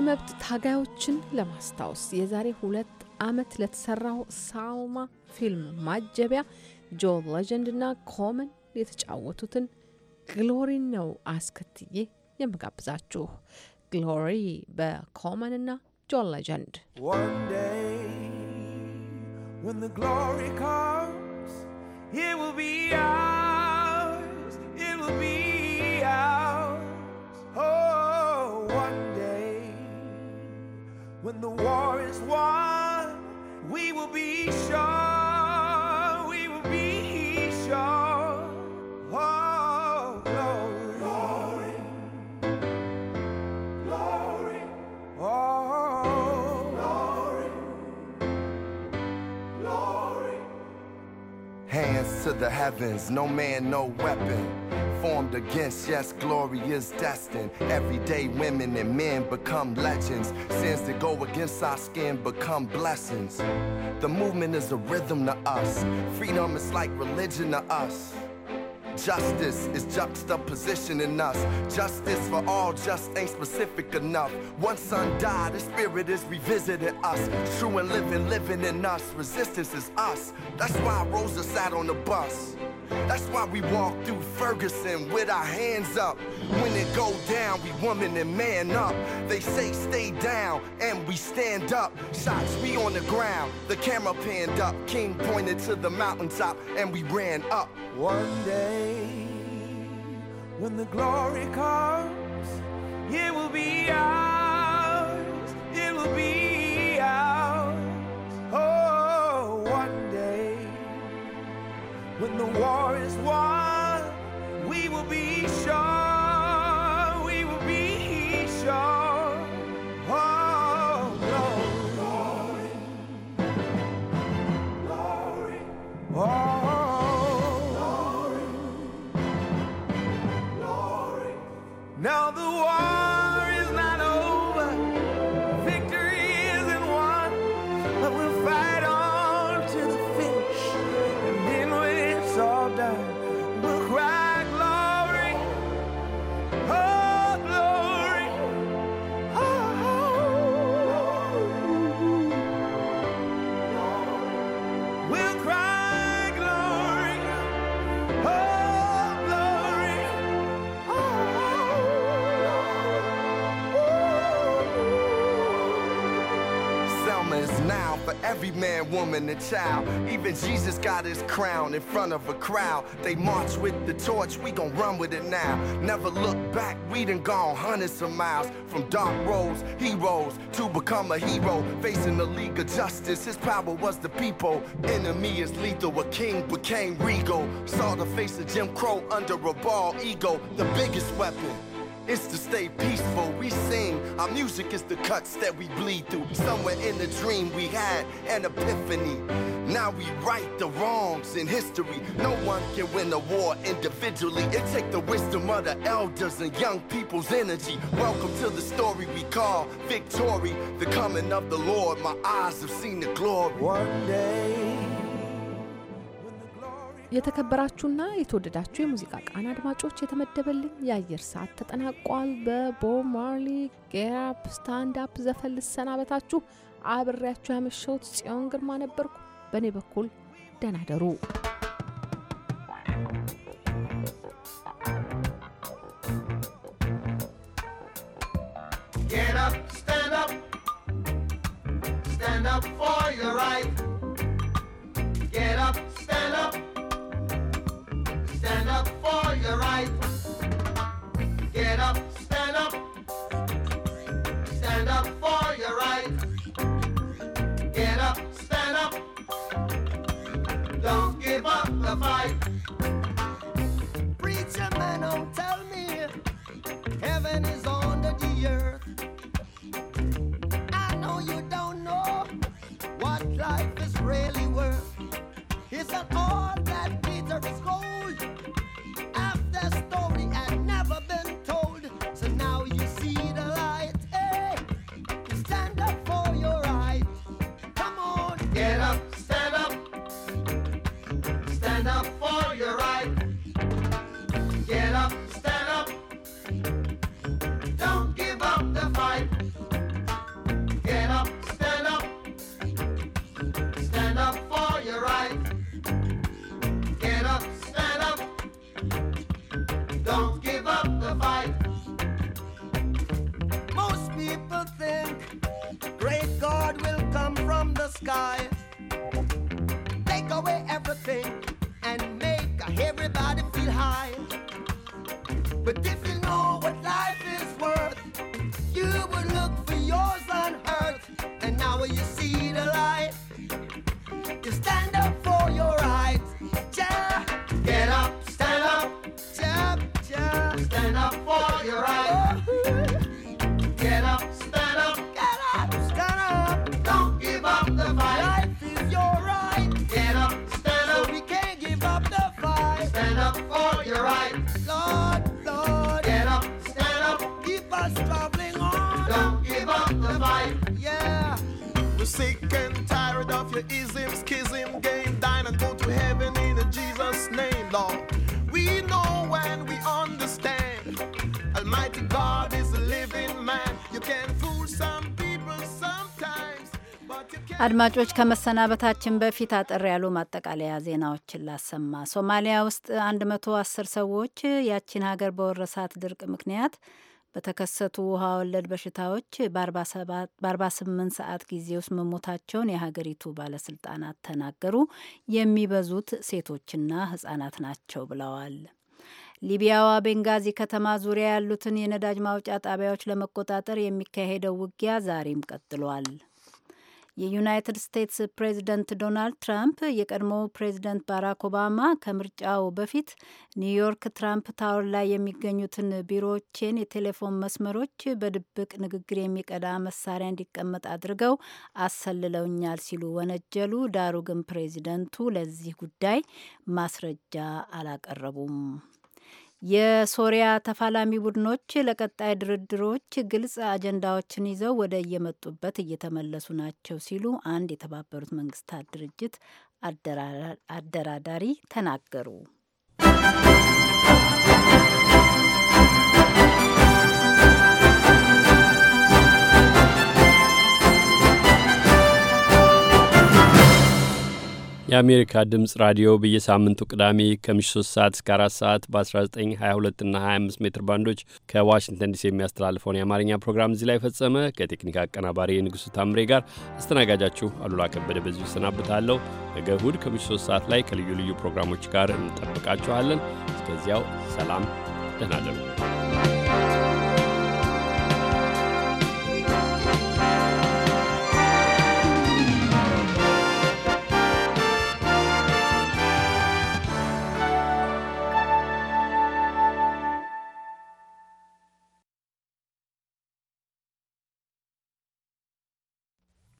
የመብት ታጋዮችን ለማስታወስ የዛሬ ሁለት ዓመት ለተሰራው ሳልማ ፊልም ማጀቢያ ጆ ሌጀንድ እና ኮመን የተጫወቱትን ግሎሪ ነው አስከትዬ የምጋብዛችሁ። ግሎሪ በኮመን እና ጆ ሌጀንድ When it will be ours, it will be When the war is won, we will be sure, we will be sure. Oh, glory, glory, glory, oh, glory, glory. Hands to the heavens, no man, no weapon formed against. Yes, glory is destined. Everyday women and men become legends. Sins that go against our skin become blessings. The movement is a rhythm to us. Freedom is like religion to us. Justice is juxtapositioning us. Justice for all just ain't specific enough. One son died, The spirit is revisiting us. True and living, living in us. Resistance is us. That's why Rosa sat on the bus. That's why we walk through Ferguson with our hands up. When it go down, we woman and man up. They say stay down, and we stand up. Shots we on the ground, the camera panned up. King pointed to the mountaintop, and we ran up. One day day when the glory comes, it will be ours. It will be ours. Oh, one day when the war is won, we will be. man, woman, and child. Even Jesus got his crown in front of a crowd. They march with the torch, we gon' run with it now. Never look back, we done gone hundreds of miles. From dark roads, heroes, to become a hero. Facing the League of Justice, his power was the people. Enemy is lethal, a king became regal. Saw the face of Jim Crow under a ball ego. The biggest weapon is to stay peaceful. We our music is the cuts that we bleed through. Somewhere in the dream we had an epiphany. Now we right the wrongs in history. No one can win a war individually. It takes the wisdom of the elders and young people's energy. Welcome to the story we call victory. The coming of the Lord. My eyes have seen the glory. One day. የተከበራችሁና የተወደዳችሁ የሙዚቃ ቃና አድማጮች የተመደበልኝ የአየር ሰዓት ተጠናቋል። በቦብ ማርሊ ጌራፕ ስታንድ አፕ ዘፈን ልሰናበታችሁ። አብሬያችሁ ያመሸሁት ጽዮን ግርማ ነበርኩ። በእኔ በኩል ደናደሩ Get up, stand up, stand up for your right. up for your right. Get up, stand up. Stand up for your right. Get up, stand up. Don't give up the fight. Preacher man, don't tell me heaven is under the earth. I know you don't know what life is really worth. It's an all that glitter is gold. አድማጮች ከመሰናበታችን በፊት አጠር ያሉ ማጠቃለያ ዜናዎችን ላሰማ። ሶማሊያ ውስጥ 110 ሰዎች ያቺን ሀገር በወረሳት ድርቅ ምክንያት በተከሰቱ ውሃ ወለድ በሽታዎች በ48 ሰዓት ጊዜ ውስጥ መሞታቸውን የሀገሪቱ ባለስልጣናት ተናገሩ። የሚበዙት ሴቶችና ህጻናት ናቸው ብለዋል። ሊቢያዋ ቤንጋዚ ከተማ ዙሪያ ያሉትን የነዳጅ ማውጫ ጣቢያዎች ለመቆጣጠር የሚካሄደው ውጊያ ዛሬም ቀጥሏል። የዩናይትድ ስቴትስ ፕሬዚደንት ዶናልድ ትራምፕ የቀድሞ ፕሬዚደንት ባራክ ኦባማ ከምርጫው በፊት ኒውዮርክ ትራምፕ ታወር ላይ የሚገኙትን ቢሮዎችን የቴሌፎን መስመሮች በድብቅ ንግግር የሚቀዳ መሳሪያ እንዲቀመጥ አድርገው አሰልለውኛል ሲሉ ወነጀሉ። ዳሩ ግን ፕሬዚደንቱ ለዚህ ጉዳይ ማስረጃ አላቀረቡም። የሶሪያ ተፋላሚ ቡድኖች ለቀጣይ ድርድሮች ግልጽ አጀንዳዎችን ይዘው ወደ የመጡበት እየተመለሱ ናቸው ሲሉ አንድ የተባበሩት መንግስታት ድርጅት አደራዳሪ ተናገሩ። የአሜሪካ ድምፅ ራዲዮ በየሳምንቱ ቅዳሜ ከምሽቱ 3 ሰዓት እስከ 4 ሰዓት በ1922 እና 25 ሜትር ባንዶች ከዋሽንግተን ዲሲ የሚያስተላልፈውን የአማርኛ ፕሮግራም እዚህ ላይ ፈጸመ። ከቴክኒክ አቀናባሪ የንጉሱ ታምሬ ጋር አስተናጋጃችሁ አሉላ ከበደ በዚሁ ይሰናብታለሁ። ነገ እሁድ 3 ሰዓት ላይ ከልዩ ልዩ ፕሮግራሞች ጋር እንጠብቃችኋለን። እስከዚያው ሰላም፣ ደህና ደሩ።